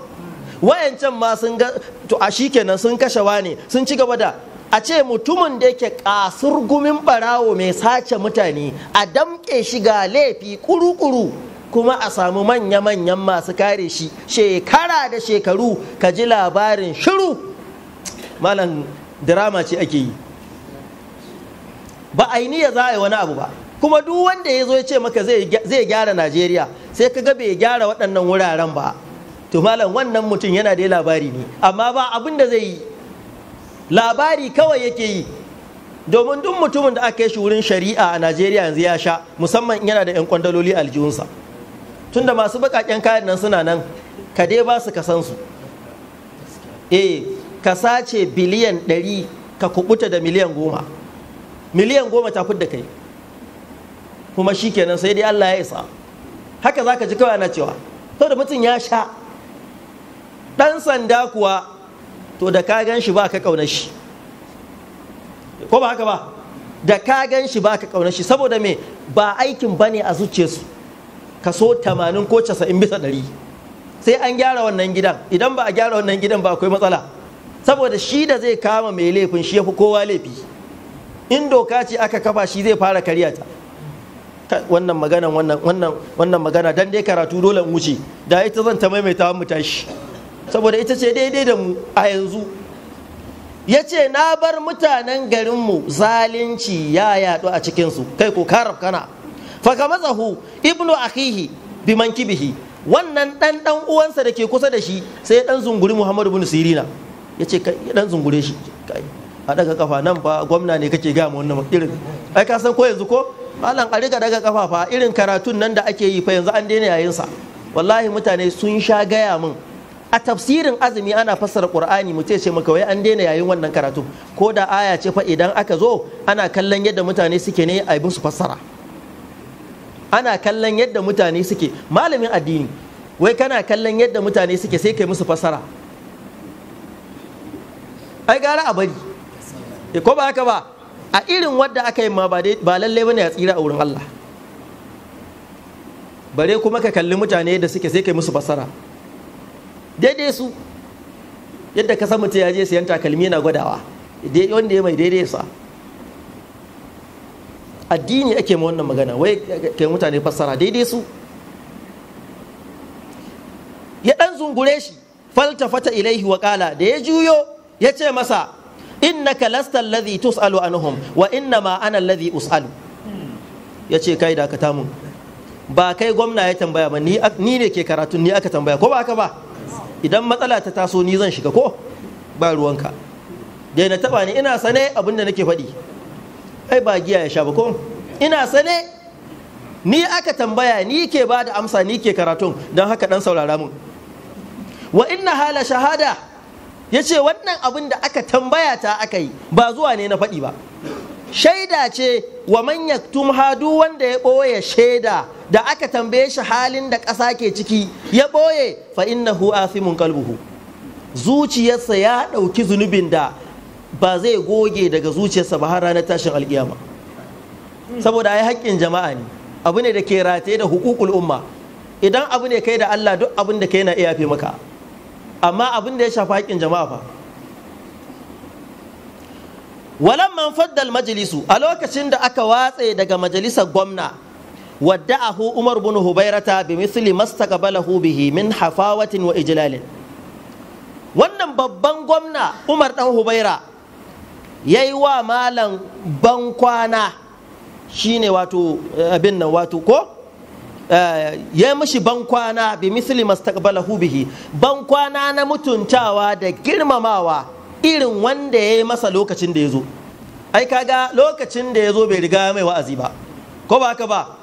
Wa'yancin ma sun ga to a shi kenan sun kashe wane sun ci gaba da a ce mutumin da yake kasurgumin barawo mai sace mutane a damƙe shi ga laifi kuru-kuru kuma a samu manya-manyan masu kare shi shekara da shekaru ka ji labarin shiru malam drama ce ake yi ba ainiya za a yi wani abu ba kuma duk wanda ya zo ya ce maka zai gyara najeriya sai ka ga bai gyara waɗannan wuraren ba to malam wannan mutum yana da labari ne amma ba abin da zai yi labari kawai yake yi domin duk mutumin da aka yi shi wurin shari'a a najeriya yanzu ya sha musamman yana da 'yan kwandaloli aljihunsa tunda masu bakaken kayan nan suna nan ka dai ba su kasan su eh ka sace biliyan ɗari ka kubuta da miliyan goma miliyan goma ta da kai kuma shi kenan sai dai Allah ya isa haka za ka ji kawai ana cewa to da mutum ya sha ɗan sanda kuwa to da ka gan shi ba ka kauna shi ko ba haka ba da ka gan shi ba ka kauna shi saboda me ba aikin bane a zuciyarsu kaso 80 ko 90 bisa 100 sai an gyara wannan gidan idan ba a gyara wannan gidan ba akwai matsala saboda shi da zai kama mai laifin shi fi kowa laifi in doka ce aka kafa shi zai fara kariya ta wannan magana wannan wannan magana dan dai karatu dole in wuce da ita zan ta maimaita mu tashi saboda ita ce daidai da mu a yanzu ya ce na bar mutanen garinmu zalunci ya yadu a cikinsu kai ko karaf kana fagamazahu ibnu akhihi bi mankibihi wannan dan dan uwansa da ke kusa da shi sai dan zunguri muhammadu bin sirina ce kai dan zungure shi a daga kafa nan fa gwamna ne kake ga mu wannan irin ai ka san ko yanzu ko malam a riga daga kafa fa irin karatun nan da ake yi fa yanzu an daina yayin sa wallahi mutane sun sha gaya min a tafsirin azumi ana fassara qur'ani mu ce maka wai an daina yayin wannan karatu ko da aya ce fa idan aka zo ana kallon yadda mutane suke ne a musu fassara ana kallon yadda mutane suke malamin addini wai kana kallon yadda mutane suke sai kai musu fasara ai gara a bari eh, ko ba haka ba a irin wadda aka yi ma ba lalle bane ya tsira a wurin Allah bare kuma ka kalli mutane yadda suke sai kai musu fasara daidai su yadda ka san mutum ya je sayan takalmi yana gwadawa wanda ya mai daidai sa addini ake ma wannan magana wai ke mutane fassara daidai su ya dan zungure shi faltafata ilaihi wa kala da ya juyo ya ce masa innaka lasta alladhi tus'alu anhum wa inna ma ana ladhi us'alu ya ce kai da ka tamu ba kai gwamna ya tambaya ba ni ne ke karatun ni aka tambaya ko ba aka ba idan matsala ta taso ni zan shiga ko ba ruwanka daina taba ni ina sane abin da nake faɗi ai ba giya ya sha ba ko ina sane ni aka tambaya ni ke ba da amsa ni ke karatun don haka dan saurara mun wa inna hala shahada ya ce wannan abin da aka tambaya ta aka yi ba zuwa ne na faɗi ba shaida ce wa man yaktum hadu wanda ya ɓoye shaida da aka tambaye shi halin da ƙasa ke ciki ya ɓoye fa innahu asimun kalbuhu zuciyarsa ya ɗauki zunubin da ba zai goge daga zuciyarsa ba har ranar tashin alkiyama saboda ai haƙƙin jama'a ne abu ne da ke rataye da hukukul umma idan abu ne kai da Allah duk abin da kai na iya fi maka amma abin da ya shafi haƙƙin jama'a fa walan man faddal majalisu a lokacin da aka watse daga majalisar gwamna wadda'ahu umar bin hubairata bi misli mastaqbalahu bihi min hafawatin wa ijlalin wannan babban gwamna umar dan hubaira ya yi wa malam ban kwana shine wato eh, abin nan wato ko eh, ya mishi ban kwana bi misali bihi ban kwana na mutuntawa da girmamawa irin wanda ya yi masa lokacin da ya zo ai kaga lokacin da ya zo bai riga mai wa'azi ba ko ba ka ba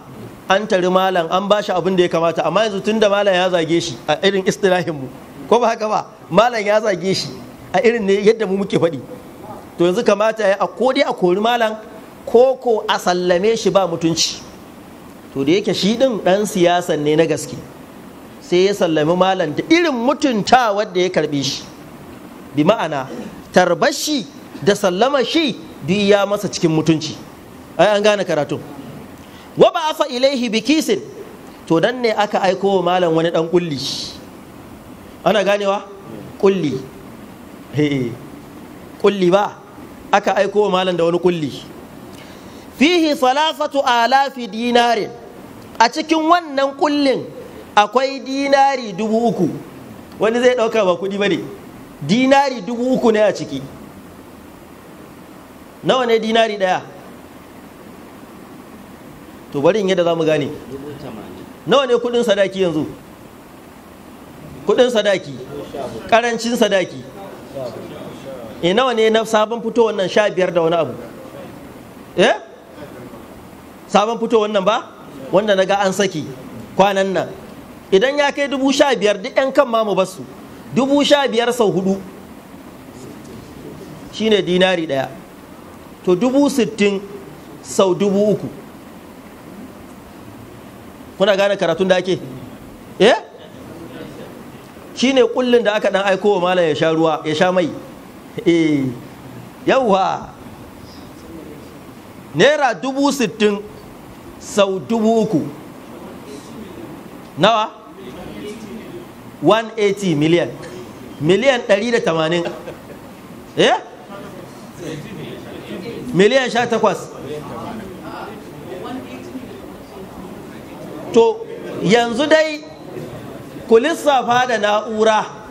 an tari malam an bashi abin da ya kamata amma yanzu tun da malam ya zage shi a irin istilahin ko ba haka ba malam ya zage shi a irin ne yadda mu muke faɗi to yanzu kamata ya ko dai a kori malam ko ko a sallame shi ba mutunci to da yake shi din dan siyasa ne na gaske sai ya sallami malam da irin mutunta wanda ya karbe shi bi ma'ana tarbashi da sallama shi duk ya masa cikin mutunci ai an gane karatu wa afa ilaihi kisin to dan ne aka aiko wa malam wani dan kulli ana ganewa kulli kulli ba aka aiko wa malam da wani kulli fihi salasatu alafi dinarin a cikin wannan kullin akwai dinari dubu uku wani zai ɗauka ba kuɗi ba ne dinari dubu uku ne a ciki nawa ne dinari ɗaya to bari in yadda za mu gane nawa ne kuɗin sadaki yanzu kuɗin sadaki ƙarancin sadaki e nawa ne na sabon fito wannan sha biyar da wani abu eh sabon fito wannan ba wanda na ga an saki kwanan nan idan ya kai dubu sha biyar duk yan kan mamu basu dubu sha biyar sau hudu shine dinari daya to dubu sittin sau dubu uku kuna gane karatun da ake eh shine kullun da aka dan aiko wa malam ya sha ruwa ya sha mai eh yawa naira dubu sittin sau dubu uku nawa 180 miliyan miliyan 180 eh miliyan 18 to yanzu dai ku lissafa da na'ura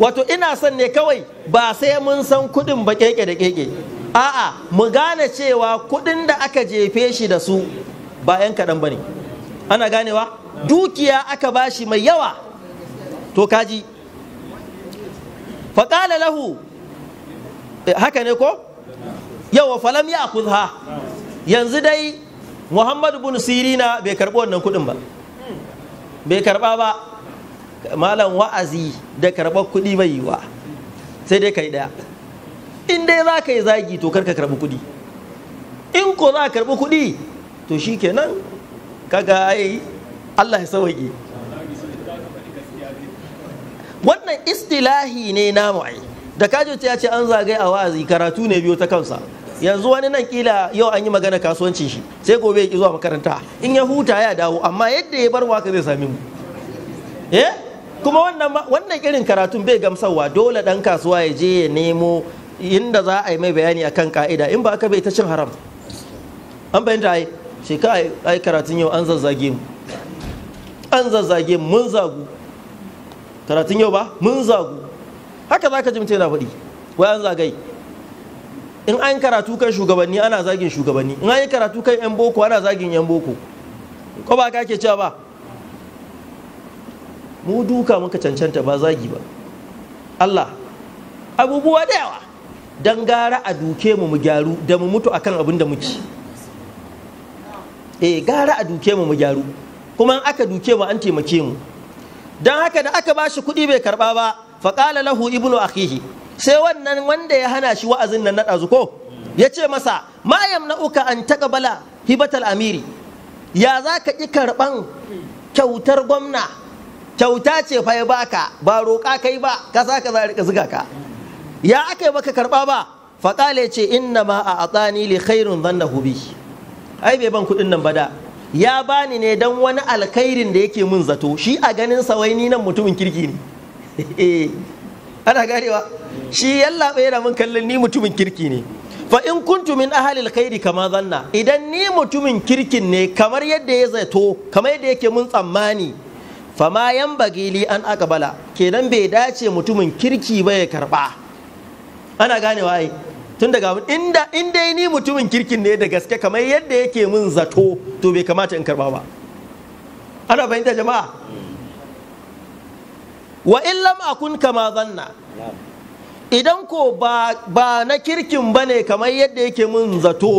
wato ina son ne kawai ba sai mun san kuɗin ba keke da keke a'a mu gane cewa kuɗin da aka jefe shi da su ba 'yan kaɗan ba ne ana ganewa dukiya aka bashi mai yawa to kaji faƙala lahu eh, haka ne ko yawa falam ya akudha yanzu dai muhammadu bin sirina bai karɓi wannan kuɗin ba bai karɓa ba malam wa'azi da karɓar kuɗi bai yiwa sai dai ka yi ɗaya in dai za ka yi zagi to karka ka karɓi kuɗi in ko za ka karɓi kuɗi to shi kenan kaga ai Allah ya sauke wannan istilahi ne na mu'ai da kajo ta ce an zagaye a wa'azi karatu ne biyo ta kansa yanzu wani nan kila yau an yi magana kasuwancin shi sai gobe ya ki zuwa makaranta in ya huta ya dawo amma yadda ya bar waka zai sami mu eh kuma wannan irin karatun bai gamsarwa dole dan kasuwa ya je ya nemo inda za a yi mai bayani akan ka'ida in ba aka bai ta cin haram an bayyanta ai shi ka ai karatun yau an zazzage mu an zazzage mu mun zagu karatun yau ba mun zagu haka za ka ji mutum yana faɗi wai an zagai in an karatu kan shugabanni ana zagin shugabanni in an yi karatu kan yan boko ana zagin yan boko ko ba ka ke cewa ba mu duka muka cancanta ba zagi ba Allah abubuwa da yawa don gara a duke mu mu gyaru da mu mutu akan abin da muke eh gara a duke mu mu gyaru kuma an aka duke mu an taimake mu don haka da aka bashi kuɗi bai karɓa ba faƙala lahu ibnu akhihi sai wannan wanda ya hana shi wa'azin nan na ɗazu ko ya ce masa na uka an Bala hibatal amiri ya za ka ƙi karɓan kyautar gwamna kyauta ce fa ya baka ba roƙa kai ba ka sa ka rika zuga ka ya aka yi baka karɓa ba faƙale ce inna ma a atsani li khairun zanna hubi ai bai ban kuɗin nan ba da ya bani ne dan wani alkhairin da yake mun zato shi a ganin sa wai ni nan mutumin kirki ne eh, ana garewa. shi yalla bai yana mun kallon ni mutumin kirki ne fa in kuntu min ahalil khairi kama zanna idan ni mutumin kirkin ne kamar yadda ya zato kamar yadda yake mun tsammani fama yan bagili an aka bala, kenan bai dace mutumin kirki ba ya karba ana gane ai tun daga inda in ni mutumin kirkin ne da gaske kamar yadda yake min zato to bai kamata in karba ba ana fahimta jama'a wa illam akun kama zanna idan ko ba na kirkin bane ne kamar yadda yake mun zato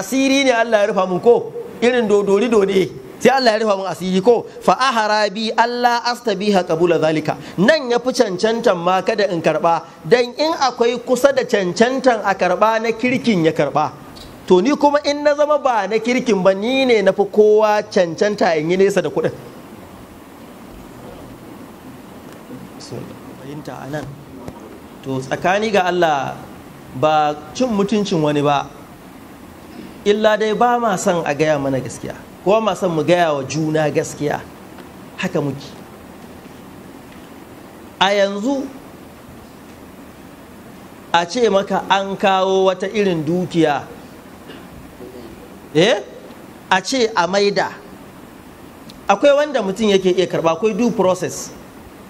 asiri ne Allah ya rufa mun ko irin dodori dode sai Allah ya rufa min asiri ko fa ahara bi Allah astabiha qabula zalika nan ya fi cancantan ma kada in karba dan in akwai kusa da cancantan a karba na kirkin ya karba to ni kuma in na zama ba na kirkin ba ni ne na fi kowa cancanta in yi nesa da kuɗin to tsakani ga Allah ba cin mutuncin wani ba illa dai ba ma son a gaya mana gaskiya ko masu mu gaya wa juna gaskiya haka muke a yanzu a ce maka an kawo wata irin dukiya eh a ce a maida akwai wanda mutum yake iya karba akwai due process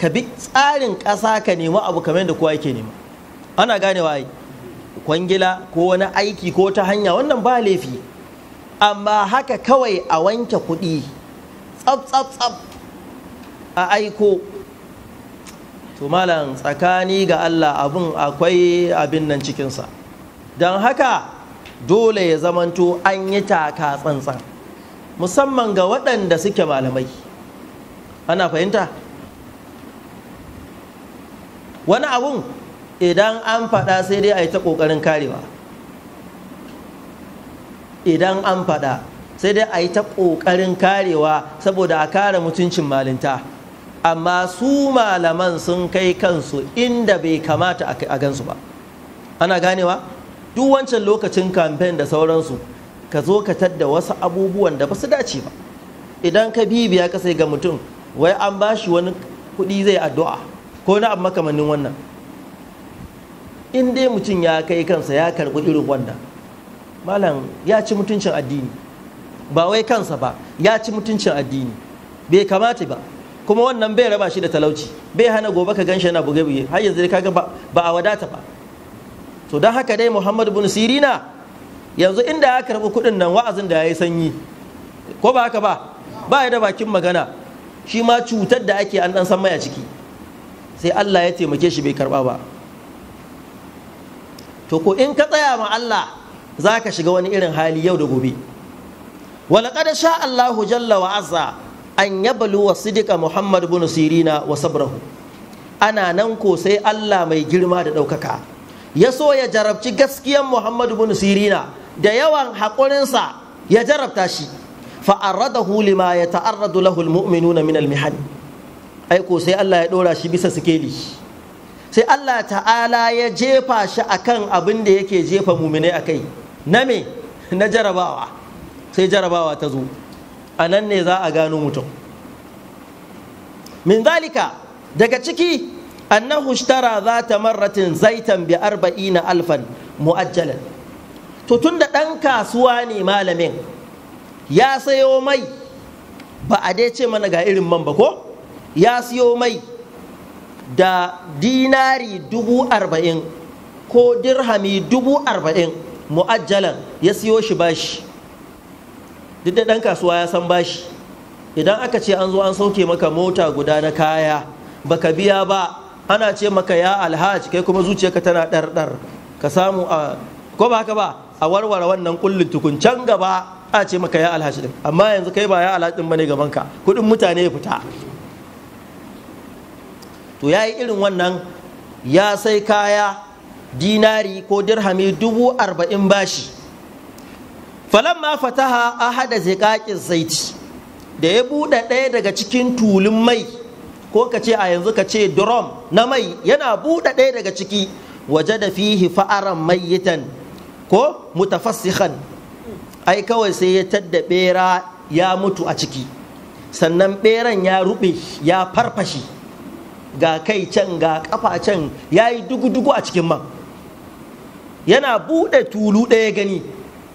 ka bi tsarin ƙasa ka nemi abu kamar da kowa yake nema ana ganewa kwangila ko wani aiki ko ta hanya wannan ba laifi amma haka kawai a wanke kuɗi tsab tsab tsab a aiko to malam tsakani ga Allah abin akwai abin nan cikinsa don haka dole ya zamanto an yi taka tsantsan musamman ga waɗanda suke malamai ana fahimta wani abun idan an faɗa sai dai a yi ta ƙoƙarin karewa idan an faɗa sai dai a yi ta ƙoƙarin karewa saboda a kare mutuncin malinta amma su malaman sun kai kansu inda bai kamata a gansu ba ana ganewa duk wancan lokacin kamfen da sauransu ka zo ka tadda wasu abubuwan da ba su dace ba idan ka bibiya ka sai ga mutum wai an ba shi wani kuɗi zai addu'a ko na abu makamannin wannan in dai mutum ya kai kansa ya karɓi irin wannan malam ya ci mutuncin addini ba wai kansa ba ya ci mutuncin addini bai kamata ba kuma wannan bai raba shi da talauci bai hana gobe ka ganshi yana buge-buge har yanzu kaga ba ba a wadata ba to don haka dai Muhammad ibn Sirina yanzu inda ya karbi kuɗin nan wa'azin da yayi sanyi ko ba haka ba ba ya da bakin magana shi ma cutar da ake an dan san a ciki sai Allah ya taimake shi bai karba ba to ko in ka tsaya ma Allah za ka shiga wani irin hali yau da gobe walaƙad sha Allahu jalla wa azza an yabalu wa sidika Muhammad bin Sirina wa sabrahu ana nan ko sai Allah mai girma da ɗaukaka ya so ya jarabci gaskiyan Muhammad bin Sirina da yawan haƙurinsa ya jarabta shi fa'arradahu lima ya ta'arradu lahul mu'minuna min almihan aiko sai Allah ya ɗora shi bisa sikeli sai Allah ta'ala ya jefa shi akan abin da yake jefa muminai akai. kai na me na jarabawa sai jarabawa ta zo a nan ne za a gano mutum min zalika daga ciki annahu ishtara za ta marratin zaitan bi arba'ina alfan mu'ajjalan to tun da ɗan kasuwa ne malamin ya sayo mai ba a dai ce mana ga irin man ba ko ya siyo mai da dinari dubu arba'in ko dirhami dubu arba'in mu'ajjalan ya siyo shi bashi duk da ɗan kasuwa ya san bashi idan aka ce an zo an sauke maka mota guda na kaya baka biya ba ana ce maka ya alhaji kai kuma zuciyarka tana ɗarɗar ka samu a ko ba haka ba a warware wannan kullun tukun can gaba a ce maka ya alhaji din amma yanzu kai ba ya alhaji din bane gaban ka kudin mutane ya fita to yayi irin wannan ya sai kaya dinari ko dirhami dubu arba'in bashi falamma fataha ahada zikakin zaiti da ya buɗe ɗaya daga cikin tulun mai ko ka ce a yanzu ka ce drum na mai yana buɗe ɗaya daga ciki waje da fihi fa'aran mayyitan ko mutafassihan ai kawai sai ya tadda ɓera ya mutu a ciki sannan ɓeran ya ruɓe ya farfashi ga kai can ga kafa can ya yi dugu-dugu a cikin man yana bude tulu ɗaya gani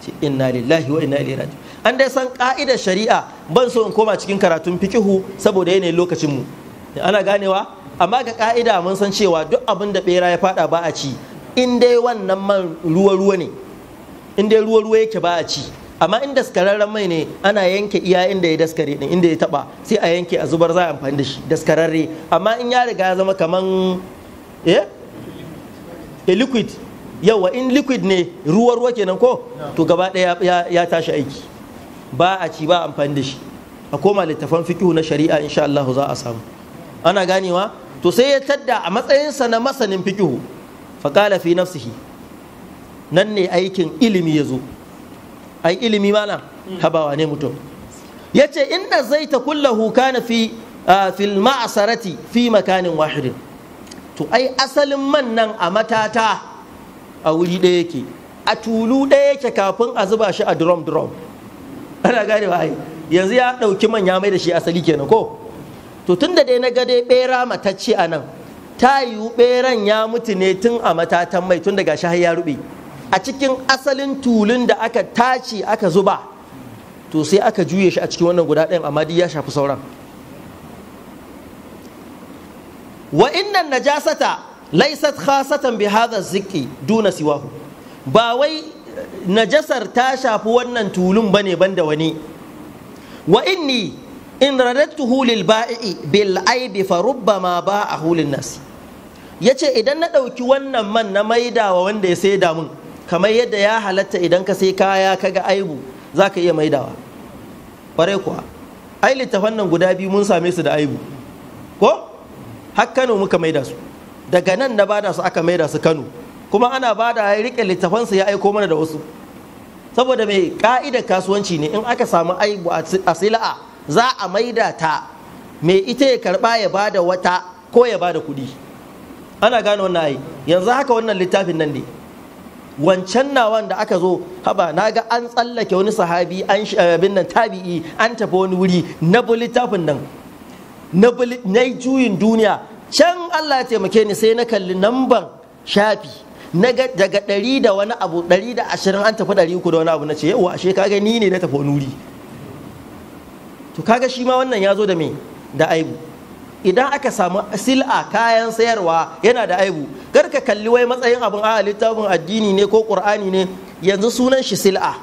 ce inna lillahi wa inna ilaihi raji'un an dai san ka'idar shari'a ban so in koma cikin karatun fikihu saboda yanayin lokacin mu ana ganewa amma ga ka'ida mun san cewa duk abin da bera ya fada ba a ci in dai wannan man ruwa ruwa ne in dai ruwa ruwa yake ba a ci amma in daskararren mai ne ana yanke iya inda ya daskare ne inda ya taba sai a yanke a zubar za a amfani da shi daskararre amma in ya riga ya zama kaman eh liquid yawa in liquid ne ruwa ruwa kenan ko to gaba daya ya tashi aiki ba a ci ba amfani da shi a koma littafan fikihu na shari'a insha Allah za a samu ana ganewa to sai ya tadda a matsayinsa na masanin fikihu faƙala fi nafsihi nan ne aikin ilimi ya zo ai ilimi mana habawa ne mutum Yace inda zai ta kullahu kana fi fil ma'asarati fi makanin wahidin to ai asalin man nan a matata a wuri ɗaya yake a tulu ɗaya yake kafin a zuba shi a drum drum ana gane ba yanzu ya ɗauki manya mai da shi asali kenan ko to tun da dai na ga dai ɓera matacce a nan ta yiwu ɓeran ya mutu ne tun a matatan mai tun daga shi ya rube a cikin asalin tulun da aka tace aka zuba to sai aka juye shi a cikin wannan guda ɗayan amma ya shafi sauran wa innan najasata laisat khasatan bi hadha zikki duna siwahu ba wai eh, najasar ta shafi wannan tulun bane banda wani wa inni in ranar lil ba'i bil aibi fa rubbama ba'ahu lin nas yace idan na dauki wannan man na maida wa wanda ya saida mun kamar yadda ya halatta idan ka sai kaya kaga aibu zaka iya maidawa kwarai kuwa ai littafan nan guda biyu mun same su da aibu ko Kano muka maida su daga nan na bada su aka maida su kano kuma ana bada ya rike littafansu ya aiko mana da wasu saboda mai ka'idar kasuwanci ne in aka samu aibu a sila'a za a maida ta mai ita ya karɓa ya bada wata ko ya bada kuɗi ana gane wannan ai yanzu haka wannan littafin nan ne wancan nawan da aka zo haba na ga an tsallake wani sahabi an abin nan tabi'i an tafi wani wuri na bi littafin nan na yi juyin duniya can Allah ya taimake ni sai na kalli namban shafi daga ɗari da wani abu ɗari da ashirin an tafi ɗari uku da wani abu na ce yawa ashe kaga ni ne na tafi nuri to kaga shi ma wannan ya zo da me da aibu idan aka samu sil'a kayan sayarwa yana da aibu kar ka kalli wai matsayin abin a littafin addini ne ko qur'ani ne yanzu sunan shi sil'a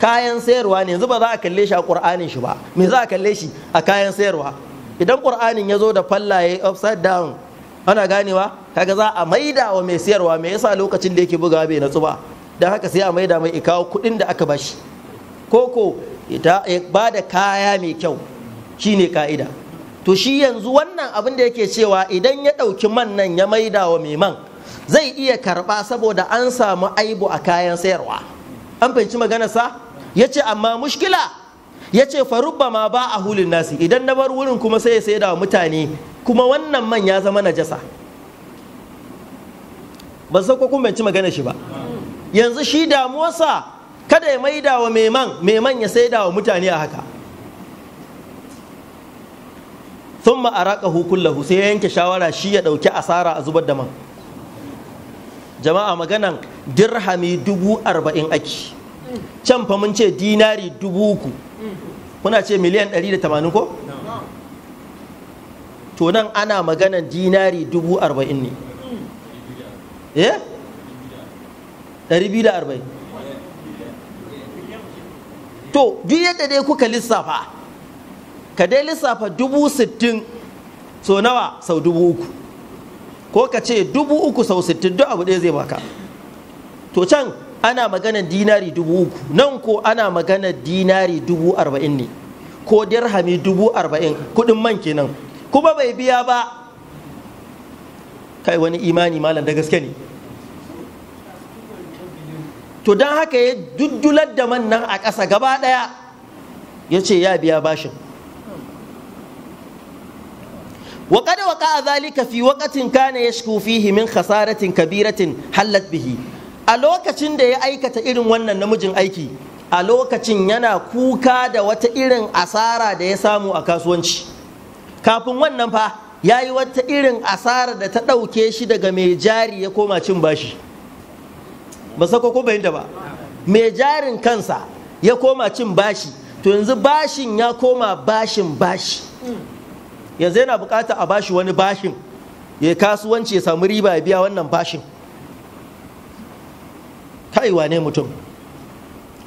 kayan sayarwa ne yanzu ba za a kalle shi a qur'anin shi ba me za a kalle shi a kayan sayarwa idan ƙur'anin ya zo da fallaye upside down ana ganewa kaga za a maida wa mai siyarwa me yasa lokacin da yake bugawa bai natsu ba don haka sai a maida mai ikawo kuɗin da aka bashi koko ita ba da kaya mai kyau shine ka'ida to shi yanzu wannan abin da yake cewa idan ya ɗauki man nan ya maida wa mai man zai iya karɓa saboda an samu aibu a kayan sayarwa an fahimci maganarsa ya ce amma mushkila ya ce farubba ma ba a hulun nasi idan na bar wurin kuma sai ya sai da mutane kuma wannan man ya zama najasa ba su ko kun ci magana shi ba yanzu shi damuwarsa kada ya maida wa meman man ya sai da wa mutane a haka sun ma'araka hukullahu sai ya yanke shawara shi ya ɗauki asara a zubar da man jama'a maganan dirhami dubu arba'in ake. can fa mun ce dinari dubu uku kuna ce miliyan da tamanin ko to nan ana maganan dinari dubu arba'in ne eh arba'in. to duk yadda dai kuka lissafa ka dai lissafa dubu sittin so nawa sau dubu uku ko ka ce dubu uku sau sittin duk abu ɗaya zai baka to can ana maganar dinari dubu uku nan ko ana magana dinari dubu arba'in ne ko dirhami dubu arba'in kudin man kenan kuma bai biya ba kai wani imani malam da gaske ne to don haka ya duddular da man nan a ƙasa gaba ɗaya ya ce ya biya bashin وقد وقع ذلك في وقت كان يشكو فيه من خسارة كبيرة حلت به a lokacin da ya aikata irin wannan namijin aiki a lokacin yana kuka da wata irin asara da ya samu a kasuwanci kafin wannan fa ya yi wata irin asara da ta ɗauke shi daga mai jari ya koma cin bashi ba sako ko bayinta ba mai jarin kansa ya koma cin bashi to yanzu bashin ya koma bashin bashi yanzu yana bukata a bashi wani bashin ya kasuwanci ya samu riba ya biya wannan bashin kai wane mutum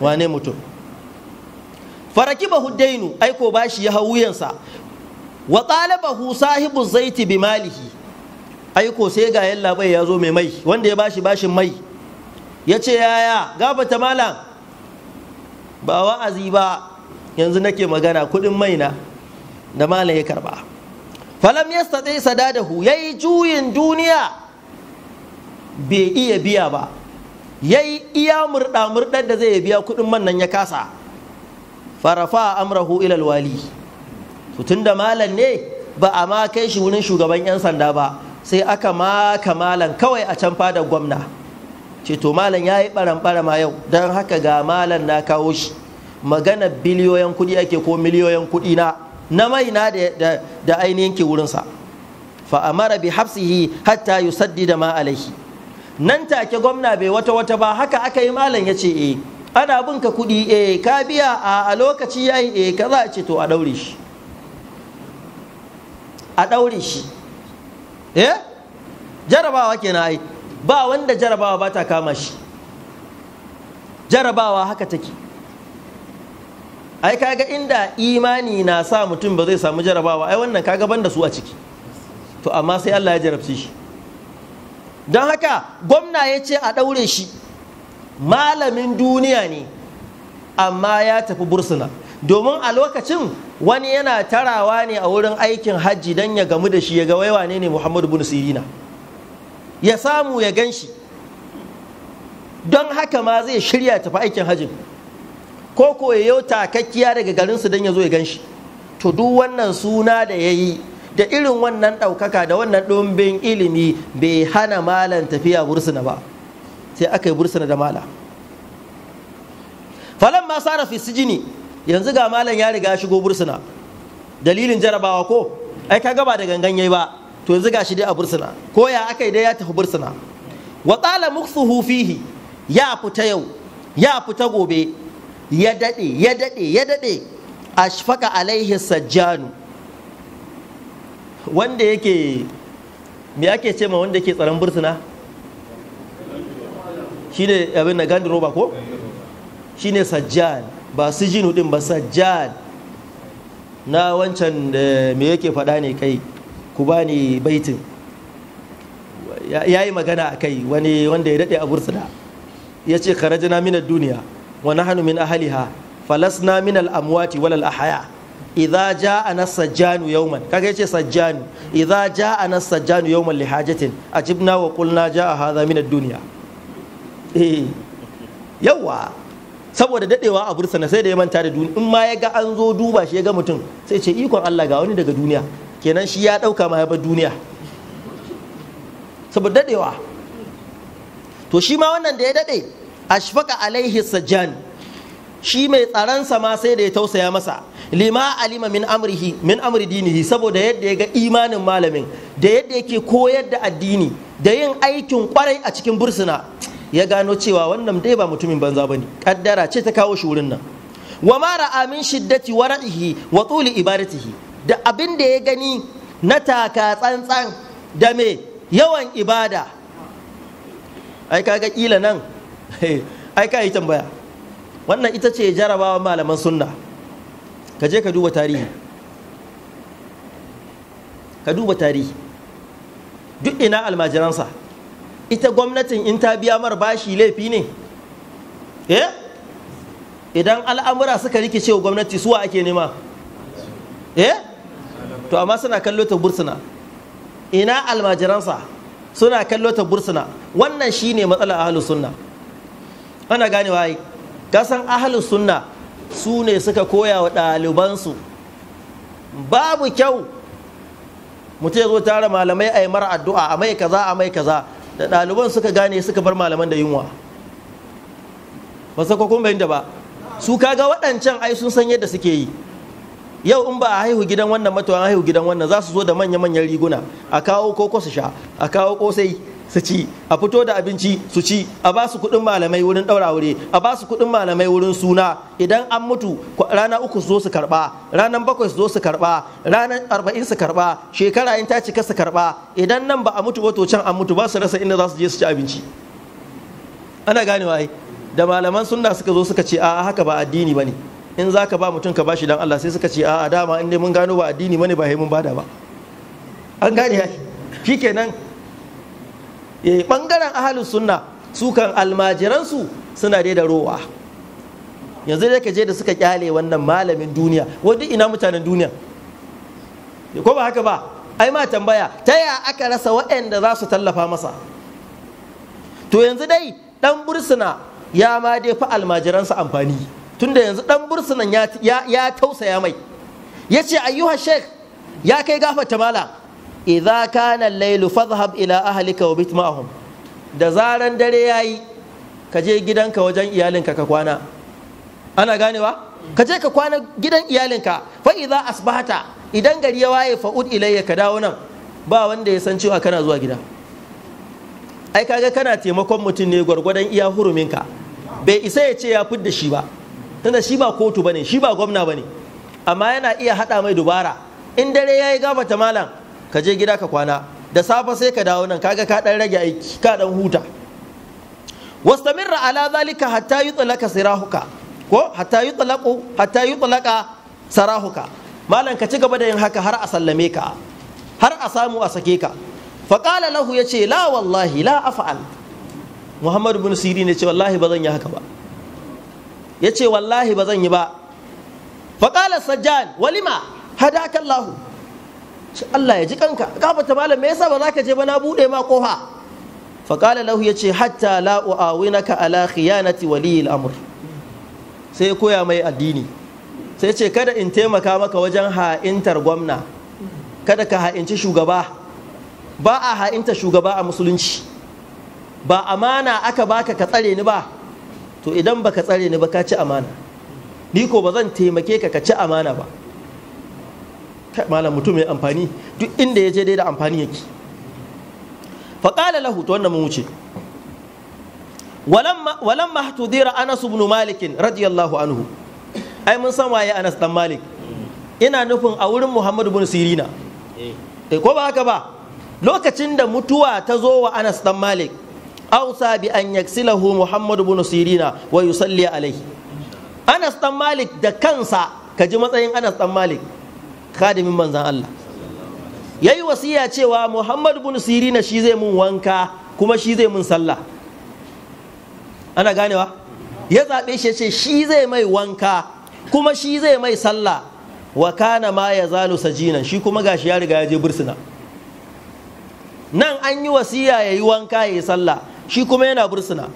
wane mutum faraki aiko bashi ya hau yansa wa talabahu sahibu zaiti bi malihi aiko sai ga yalla bai ya zo mai mai wanda ya bashi bashin mai ya ce yaya gafata malam ba wa'azi ba yanzu nake magana kudin mai na da malam ya karba falam yastati sadadahu yayi juyin duniya bai iya biya ba ya yi iya murɗa murɗar da zai biya kuɗin man ya kasa farafa amrahu ilal wali tun da malam ne ba a ma kai shi wurin shugaban 'yan sanda ba sai aka maka malam kawai a can fadar gwamna ce to malam ya yi ɓaran ɓarama yau don haka ga malam na kawo shi magana biliyoyin kuɗi ake ko miliyoyin kuɗi na na maina da ainihin ke wurinsa fa amara bi hafsihi hatta yusaddida da ma alaihi nan take gwamna bai wata wata ba haka aka yi malam ya ce eh ana bin ka kuɗi eh ka biya a lokaci yayi eh a ce to a daure shi a daure shi eh jarabawa kenan ai ba wanda jarabawa ba ta kama shi jarabawa haka take ai kaga inda imani na sa mutum ba zai samu jarabawa ai wannan kaga banda su a ciki to amma sai Allah ya jarabce shi don haka gwamna ya ce a ɗaure shi malamin duniya ne amma ya tafi bursuna domin a lokacin wani yana tarawa ne a wurin aikin hajji don ya gamu da shi ya ga waiwa ne ne muhammadu bin sirina ya samu ya gan shi don haka ma zai shirya tafi aikin hajjin ko ko ya takakkiya daga garinsu don ya zo ya gan shi to duk wannan suna da ya yi da irin wannan ɗaukaka da wannan ɗumbin ilimi bai hana malam tafiya bursuna ba sai aka yi bursuna da mala falon ma sara fi jini yanzu ga malam ya riga shigo bursuna dalilin jarabawa ko ai ka gaba da gangan yayi ba to yanzu gashi dai a bursuna ko ya aka yi dai ya tafi bursuna wa tsala muksuhu fihi ya fita yau ya fita gobe ya daɗe ya daɗe ya a ashfaka alaihi sajjanu wanda yake me ake ce ma wanda yake tsaron Burtuna? shi ne abin na gandun roba ko shi ne sajjan ba su jinu din ba sajjan na wancan da eh, me yake faɗa ne kai ku ba ni baitin ya yi magana a kai wani wanda ya daɗe a Burtuna. ya ce karajina minar duniya wa nahanu min ahaliha falasna min al amwati wal ahaya idza jaa nasajjanu yawman kaga yace sajjanu idza jaa nasajjanu yawman li hajatin ajibna wa qulna jaa hadha min ad-dunya eh yawa saboda dadewa a na sai da ya manta da duniya in ma ya ga an zo duba shi ya ga mutum sai ce ikon Allah ga wani daga duniya kenan shi ya dauka ma ya bar duniya saboda dadewa to shi ma wannan da ya dade ashfaqa alaihi sajjanu shi mai tsaransa ma sai da ya tausaya masa lima alima min amrihi min amri dinihi saboda yadda ya ga imanin malamin da yadda yake koyar da addini da yin aikin kwarai a cikin bursuna ya gano cewa wannan dai ba mutumin banza bane kaddara ce ta kawo shi wurin nan wa mara ra'a min shiddati ra'ihi wa tuli ibadatihi da abin da ya gani na taka tsantsan da me yawan ibada ai kaga kila nan ai ka tambaya wannan ita ce jarabawa malaman sunna ka je ka duba tarihi ka duba tarihi duk ina almajiransa ita gwamnatin in ta biya mar bashi laifi ne eh idan al'amura suka rikice wa gwamnati suwa ake nema eh to amma suna kallo ta bursuna ina almajiransa suna kallo ta bursuna wannan shine matsala ahlus sunna ana ganewa ai kasan ahalus sunna su ne suka koya wa ɗalibansu babu kyau mutum zo tara malamai a yi mara addu'a a mai kaza a mai kaza da ɗaliban suka gane suka bar malaman da yunwa ba sa kun da ba su kaga waɗancan ai sun san yadda suke yi yau in ba a haihu gidan wannan matuwan haihu gidan wannan za su zo da manya-manyan riguna a kawo koko su sha a kawo kosai su ci a fito da abinci su ci a ba su kuɗin malamai wurin ɗaura wuri a ba su kuɗin malamai wurin suna idan an mutu rana uku su zo su karɓa ranar bakwai su zo su karɓa ranar arba'in su karɓa shekara in ta cika su karɓa idan nan ba a mutu ba to can an mutu ba su rasa inda za su je su ci abinci ana ganewa ai da malaman sunna suka zo suka ce a haka ba addini bane in za ka ba mutum ka bashi dan Allah sai suka ce a dama in mun gano ba addini bane ba mun bada ba an gane ai shikenan eh ɓangaren ahlus sunna su kan almajiransu suna dai da rowa yanzu dai ka je da suka kyale wannan malamin duniya wadda ina mutanen duniya eh, ko ba haka ba ai ma tambaya ta ya aka rasa waɗanda za su tallafa masa to yanzu dai ɗan bursuna ya ma dai fa almajiransa amfani tunda yanzu ɗan bursunan ya, tausaya mai ya ce ayyuhar sheikh ya kai gafata mala idza kana al lailu fadhhab ila ahlika wa bit ma'hum da zaran dare yayi ka je gidanka wajen iyalinka ka kwana ana ganewa ka je ka kwana gidan iyalinka fa idza asbahata idan gari ya waye fa ud ilayya ka dawo nan ba wanda ya san cewa kana zuwa gida ai kaga kana taimakon mutum ne gwargwadon iya huruminka bai isa ya ce ya fidda shi ba tunda shi ba kotu bane shi ba gwamna bane amma yana iya hada mai dubara in dare yayi gafata malam ka je gida ka kwana da safe sai ka dawo nan kaga ka dan rage aiki ka dan huta wastamirra ala zalika hatta yutlaka sirahuka ko hatta yutlaqu hatta yutlaqa sarahuka malam ka ci gaba da yin haka har a sallame ka har a samu a sake ka fa qala lahu yace la wallahi la af'al muhammad ibn sirin ce wallahi ba zan yi haka ba yace wallahi ba zan yi ba fa qala sajjan walima hadaka allah Allah ya ji kanka gafarta malam me yasa ba za je ba na bude ma kofa fa qala lahu yace hatta la uawinaka ala khiyanati wali al-amr sai koya mai addini sai ce kada in taimaka maka wajen ha'intar gwamna kada ka ha'inci shugaba ba a ha'inta shugaba a musulunci ba amana aka baka ka tsare ni ba to idan baka tsare ni ba ka ci amana ni ko ba zan taimake ka ka ci amana ba malam mutum ya amfani duk inda ya je dai da amfani yake faƙala lahu to wannan mun wuce walan mahtudira anas ibn malik radiyallahu anhu ai mun san waye anas dan malik ina nufin a wurin muhammad ibn sirina eh, eh ko ba haka ba lokacin da mutuwa ta zo wa anas dan malik awsa bi an yaksilahu muhammad ibn sirina wa yusalli alayhi anas dan malik da kansa kaji matsayin anas dan malik khadimin manzan Allah ya yi wasiya cewa Muhammad bin Sirina shi zai mun wanka kuma shi zai mun sallah ana ganewa ya zaɓe shi ce shi zai mai wanka kuma shi zai mai sallah wa kana ma ya zalo sajinan shi kuma gashi ya riga ya je bursuna nan an yi wasiya ya yi wanka ya yi sallah shi kuma yana bursuna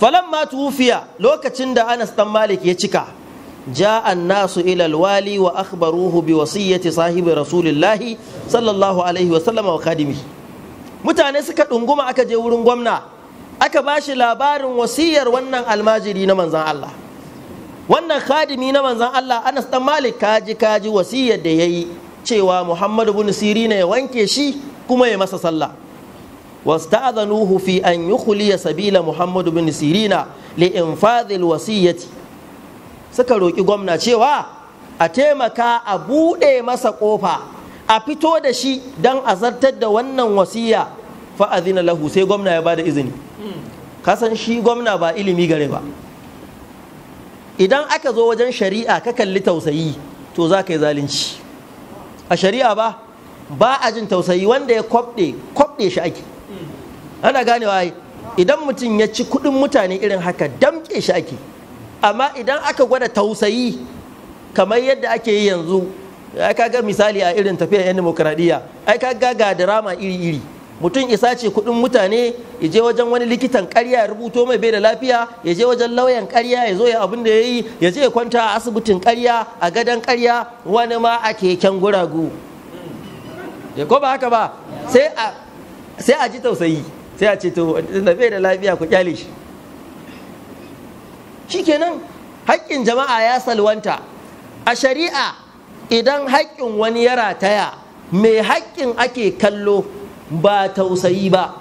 falan ma tufiya lokacin da anas dan malik ya cika جاء الناس إلى الوالي وأخبروه بوصية صاحب رسول الله صلى الله عليه وسلم وخادمه mutane suka ɗunguma aka je wurin gwamna aka bashi labarin wasiyar wannan almajiri na manzan Allah wannan khadimi na manzan Allah Anas dan Malik kaji kaji wasiyyar da yayi cewa Muhammadu bin Sirina ya wanke shi kuma ya masa sallah wasta'adhanuhu fi an yukhliya sabila Muhammadu bin Sirina li infadhil wasiyati suka roƙi gwamna cewa a taimaka a buɗe masa ƙofa a fito da shi don a zartar da wannan wasiya fa'azina lahu sai gwamna ya ba da izini kasan shi gwamna ba ilimi gare ba idan aka zo wajen shari'a ka kalli tausayi to za ka yi zalunci a shari'a ba ba a jin tausayi wanda ya kwabɗe kwabɗe shi ake ana ganewa idan mutum ya ci kuɗin mutane irin haka damƙe shi ake amma idan aka gwada tausayi kamar yadda ake yi yanzu ai kaga misali a irin tafiyar yan demokradiyya ai kaga ga drama iri-iri mutum isa ce kudin mutane ya je wajen wani likitan karya ya rubuto mai bai da lafiya ya je wajen lauyan karya ya zo ya abin da ya yi ya je ya kwanta a asibitin karya a gadon karya wani ma a keken guragu ya eh, ko ba haka ba sai a ji tausayi sai a ce to da bai da lafiya ku kyale shi shikenan haƙƙin jama'a ya salwanta a shari'a idan haƙƙin wani ya rataya mai haƙƙin ake kallo ba tausayi ba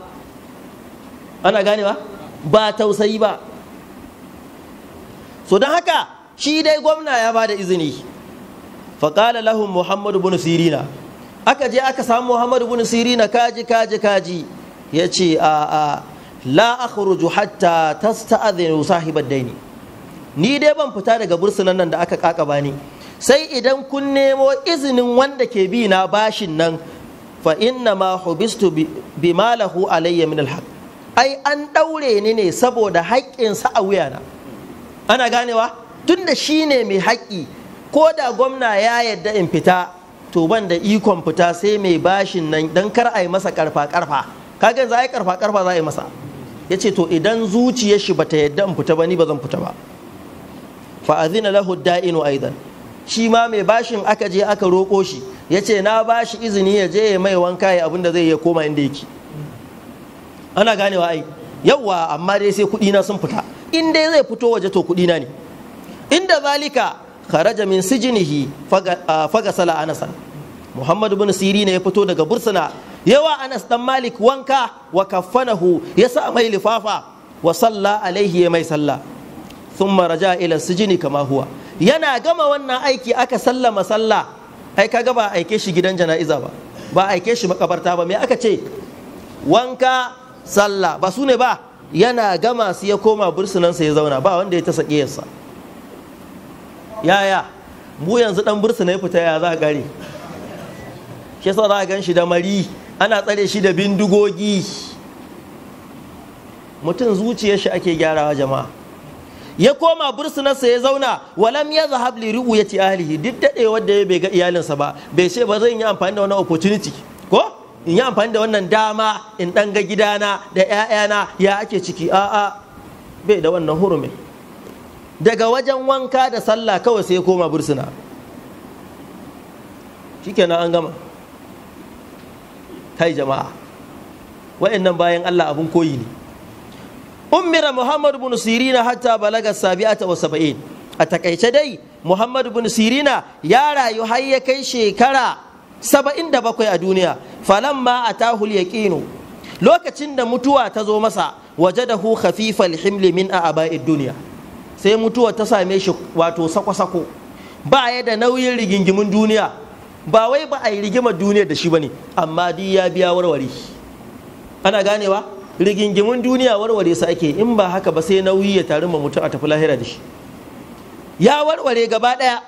ana gane ba Ba tausayi ba so don haka shi dai gwamna ya ba da izini faƙala lahun muhammadu bin sirina aka je aka samu muhammadu bin sirina kaji kaji kaji ya ce a la akhruju hatta tasta'adhinu sahibar daini ni dai ban fita daga bursunan nan da aka kaka ba ni sai idan kun nemo izinin wanda ke bi na bashin nan fa inna ma hubistu bi malahu alayya min alhaq ai an daure ni ne saboda sa a wuyana ana ganewa tunda shi ne mai haƙƙi ko da gwamna ya yadda in fita to ban da ikon fita sai mai bashin nan dan kar a yi masa karfa karfa kaga za a yi karfa karfa za a yi masa yace to idan zuciyar shi bata yadda in fita ba ni ba zan fita ba Fa'azina azina lahu da'inu aidan shi ma mai bashin aka je aka roƙo shi yace na bashi izini ya je ya mai wanka ya abinda zai ya koma inda yake ana ganewa ai yawwa amma dai sai kuɗi na sun fita in dai zai fito waje to kuɗi ne inda zalika kharaja min sijinihi faga sala anasan muhammad bin siri ne ya fito daga bursana yawa anas dan malik wanka wa kaffanahu ya sa mai lifafa wa salla alaihi ya mai sallah thumma raja ila sijini kama huwa yana gama wannan aiki aka sallama sallah ai kaga ba aike shi gidan jana'iza ba ba aike shi makabarta ba me aka ce wanka sallah ba su ne ba yana gama su ya koma bursunansa ya zauna ba wanda ya ta yasa yaya mu yanzu dan bursuna ya fita ya za a gare shi yasa za a gan shi da mari ana tsare shi da bindigogi mutum zuciyar shi ake gyarawa jama'a ya koma bursunarsa ya zauna walam ya zahab ya ci ahlihi duk daɗe wanda ya bai ga iyalinsa ba bai ce ba zan yi amfani da wannan opportunity ko in yi amfani da wannan dama in ɗan ga gidana da ‘ya’yana ya ake ciki a'a bai da wannan hurumi daga wajen wanka da sallah kawai sai ya koma bursuna kenan an gama kai jama'a Wa'in nan bayan Allah abun koyi ne ummira muhammad bin sirina hatta balaga sabi'ata wa saba'in a takaice dai muhammad bin sirina ya rayu har ya kai shekara saba'in da bakwai a duniya a tahul yaqinu lokacin da mutuwa ta zo masa waje hu khafifal himli min a aba'id duniya sai mutuwa ta same shi wato sako-sako ba ya da nauyin rigingimin duniya ba wai ba a yi rigimar duniya da shi ba ne amma duk ya biya warware ana ganewa rigingimin duniya warware su ake in ba haka ba sai nauyi ya tarin ma mutum a tafi lahira da shi ya warware gaba daya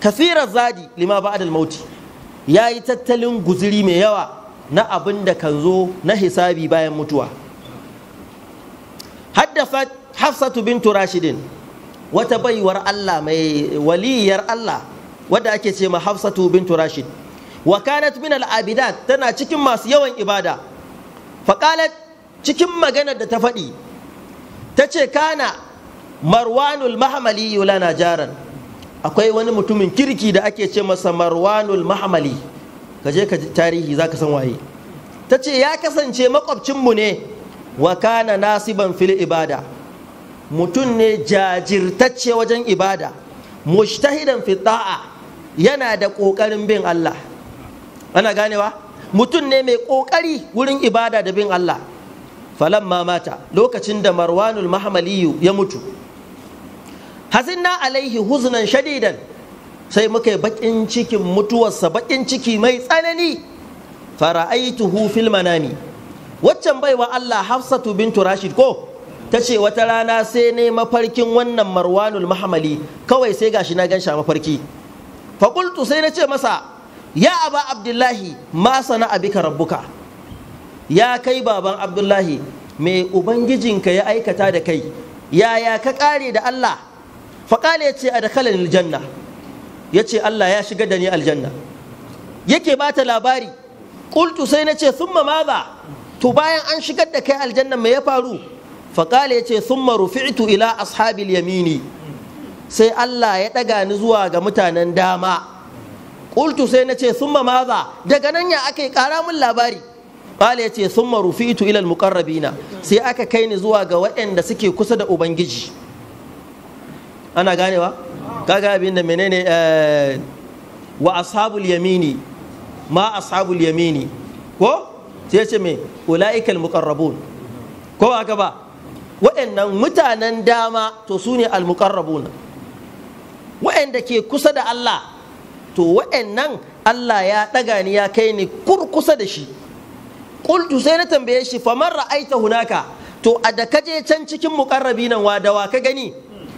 kasirar zadi lima Adal mauti ya yi tattalin guziri mai yawa na abin da kan zo na hisabi bayan mutuwa haddafat hafsatu bintu rashidin wata baiwar Allah mai waliyar Allah wadda ake ce ma hafsatu bintu rashid wa kanat min al-abidat tana cikin masu yawan ibada faqalat cikin maganar da ta faɗi ta ce kana marwanul mahamali lana jaran akwai wani mutumin kirki da ake ce masa marwanul mahamali ka je ka tarihi za ka san waye ta ce ya kasance makwabcinmu ne wa kana nasiban fil ibada mutum ne jajirtacce wajen ibada mushtahidan fi yana da ƙoƙarin bin Allah ana ganewa mutum ne mai ƙoƙari wurin ibada da bin Allah ma mata lokacin da marwanul mahmaliyu ya mutu hazinna alaihi huznan shadidan sai muka yi bakin cikin mutuwarsa bakin ciki mai tsanani fara'aituhu fil manami waccan baiwa Allah Hafsatu bintu Rashid ko ta ce wata rana sai ne mafarkin wannan marwanul mahamali. kawai sai gashi na gan sha mafarki faƙultu sai na ce masa ya aba abdullahi ma sana abika rabbuka ya kai baban abdullahi mai ubangijinka ya aikata da kai yaya ka kare da allah faƙala ya ce a dakalan aljanna ya ce allah ya shiga da ni aljanna yake ba ta labari ƙultu sai na ce summa maza to bayan an shigar da kai aljanna me ya faru faƙala ya ce summa rufi'tu ila ashabil yamini sai allah ya ɗaga ni zuwa ga mutanen dama ƙultu sai na ce summa maza daga nan ya aka ƙara min labari qala yace thumma rufitu ila na sai aka kai ni zuwa ga waɗanda suke kusa da ubangiji ana ganewa kaga abin da menene eh, wa ashabul yamini ma ashabul yamini ko sai yace me "Ula'ikal muqarrabun ko aka ba waɗannan mutanen dama to su ne almuqarrabuna waɗanda ke kusa da Allah to waɗannan Allah ya ɗaga ni ya kai ni kurkusa da shi ƙultu sai na tambaye shi famar ra'aita hunaka to a da kaje can cikin muƙarrabi nan wa da wa ka gani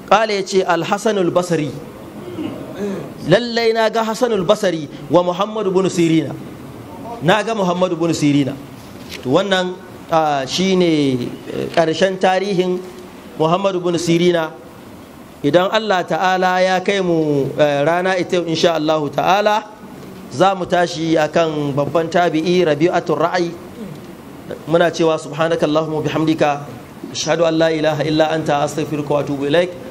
ƙala yace al-hasan al lallai na ga hasan al wa Muhammadu ibn sirina na ga Muhammadu ibn sirina to wannan shine eh, ƙarshen tarihin Muhammadu ibn sirina idan Allah ta'ala ya kai mu eh, rana ita insha Allahu ta'ala za mu tashi akan babban tabi'i rabi'atul ra'ayi muna cewa subhanakallahumma bihamdika ashhadu an la ilaha illa anta astaghfiruka wa atubu ilaik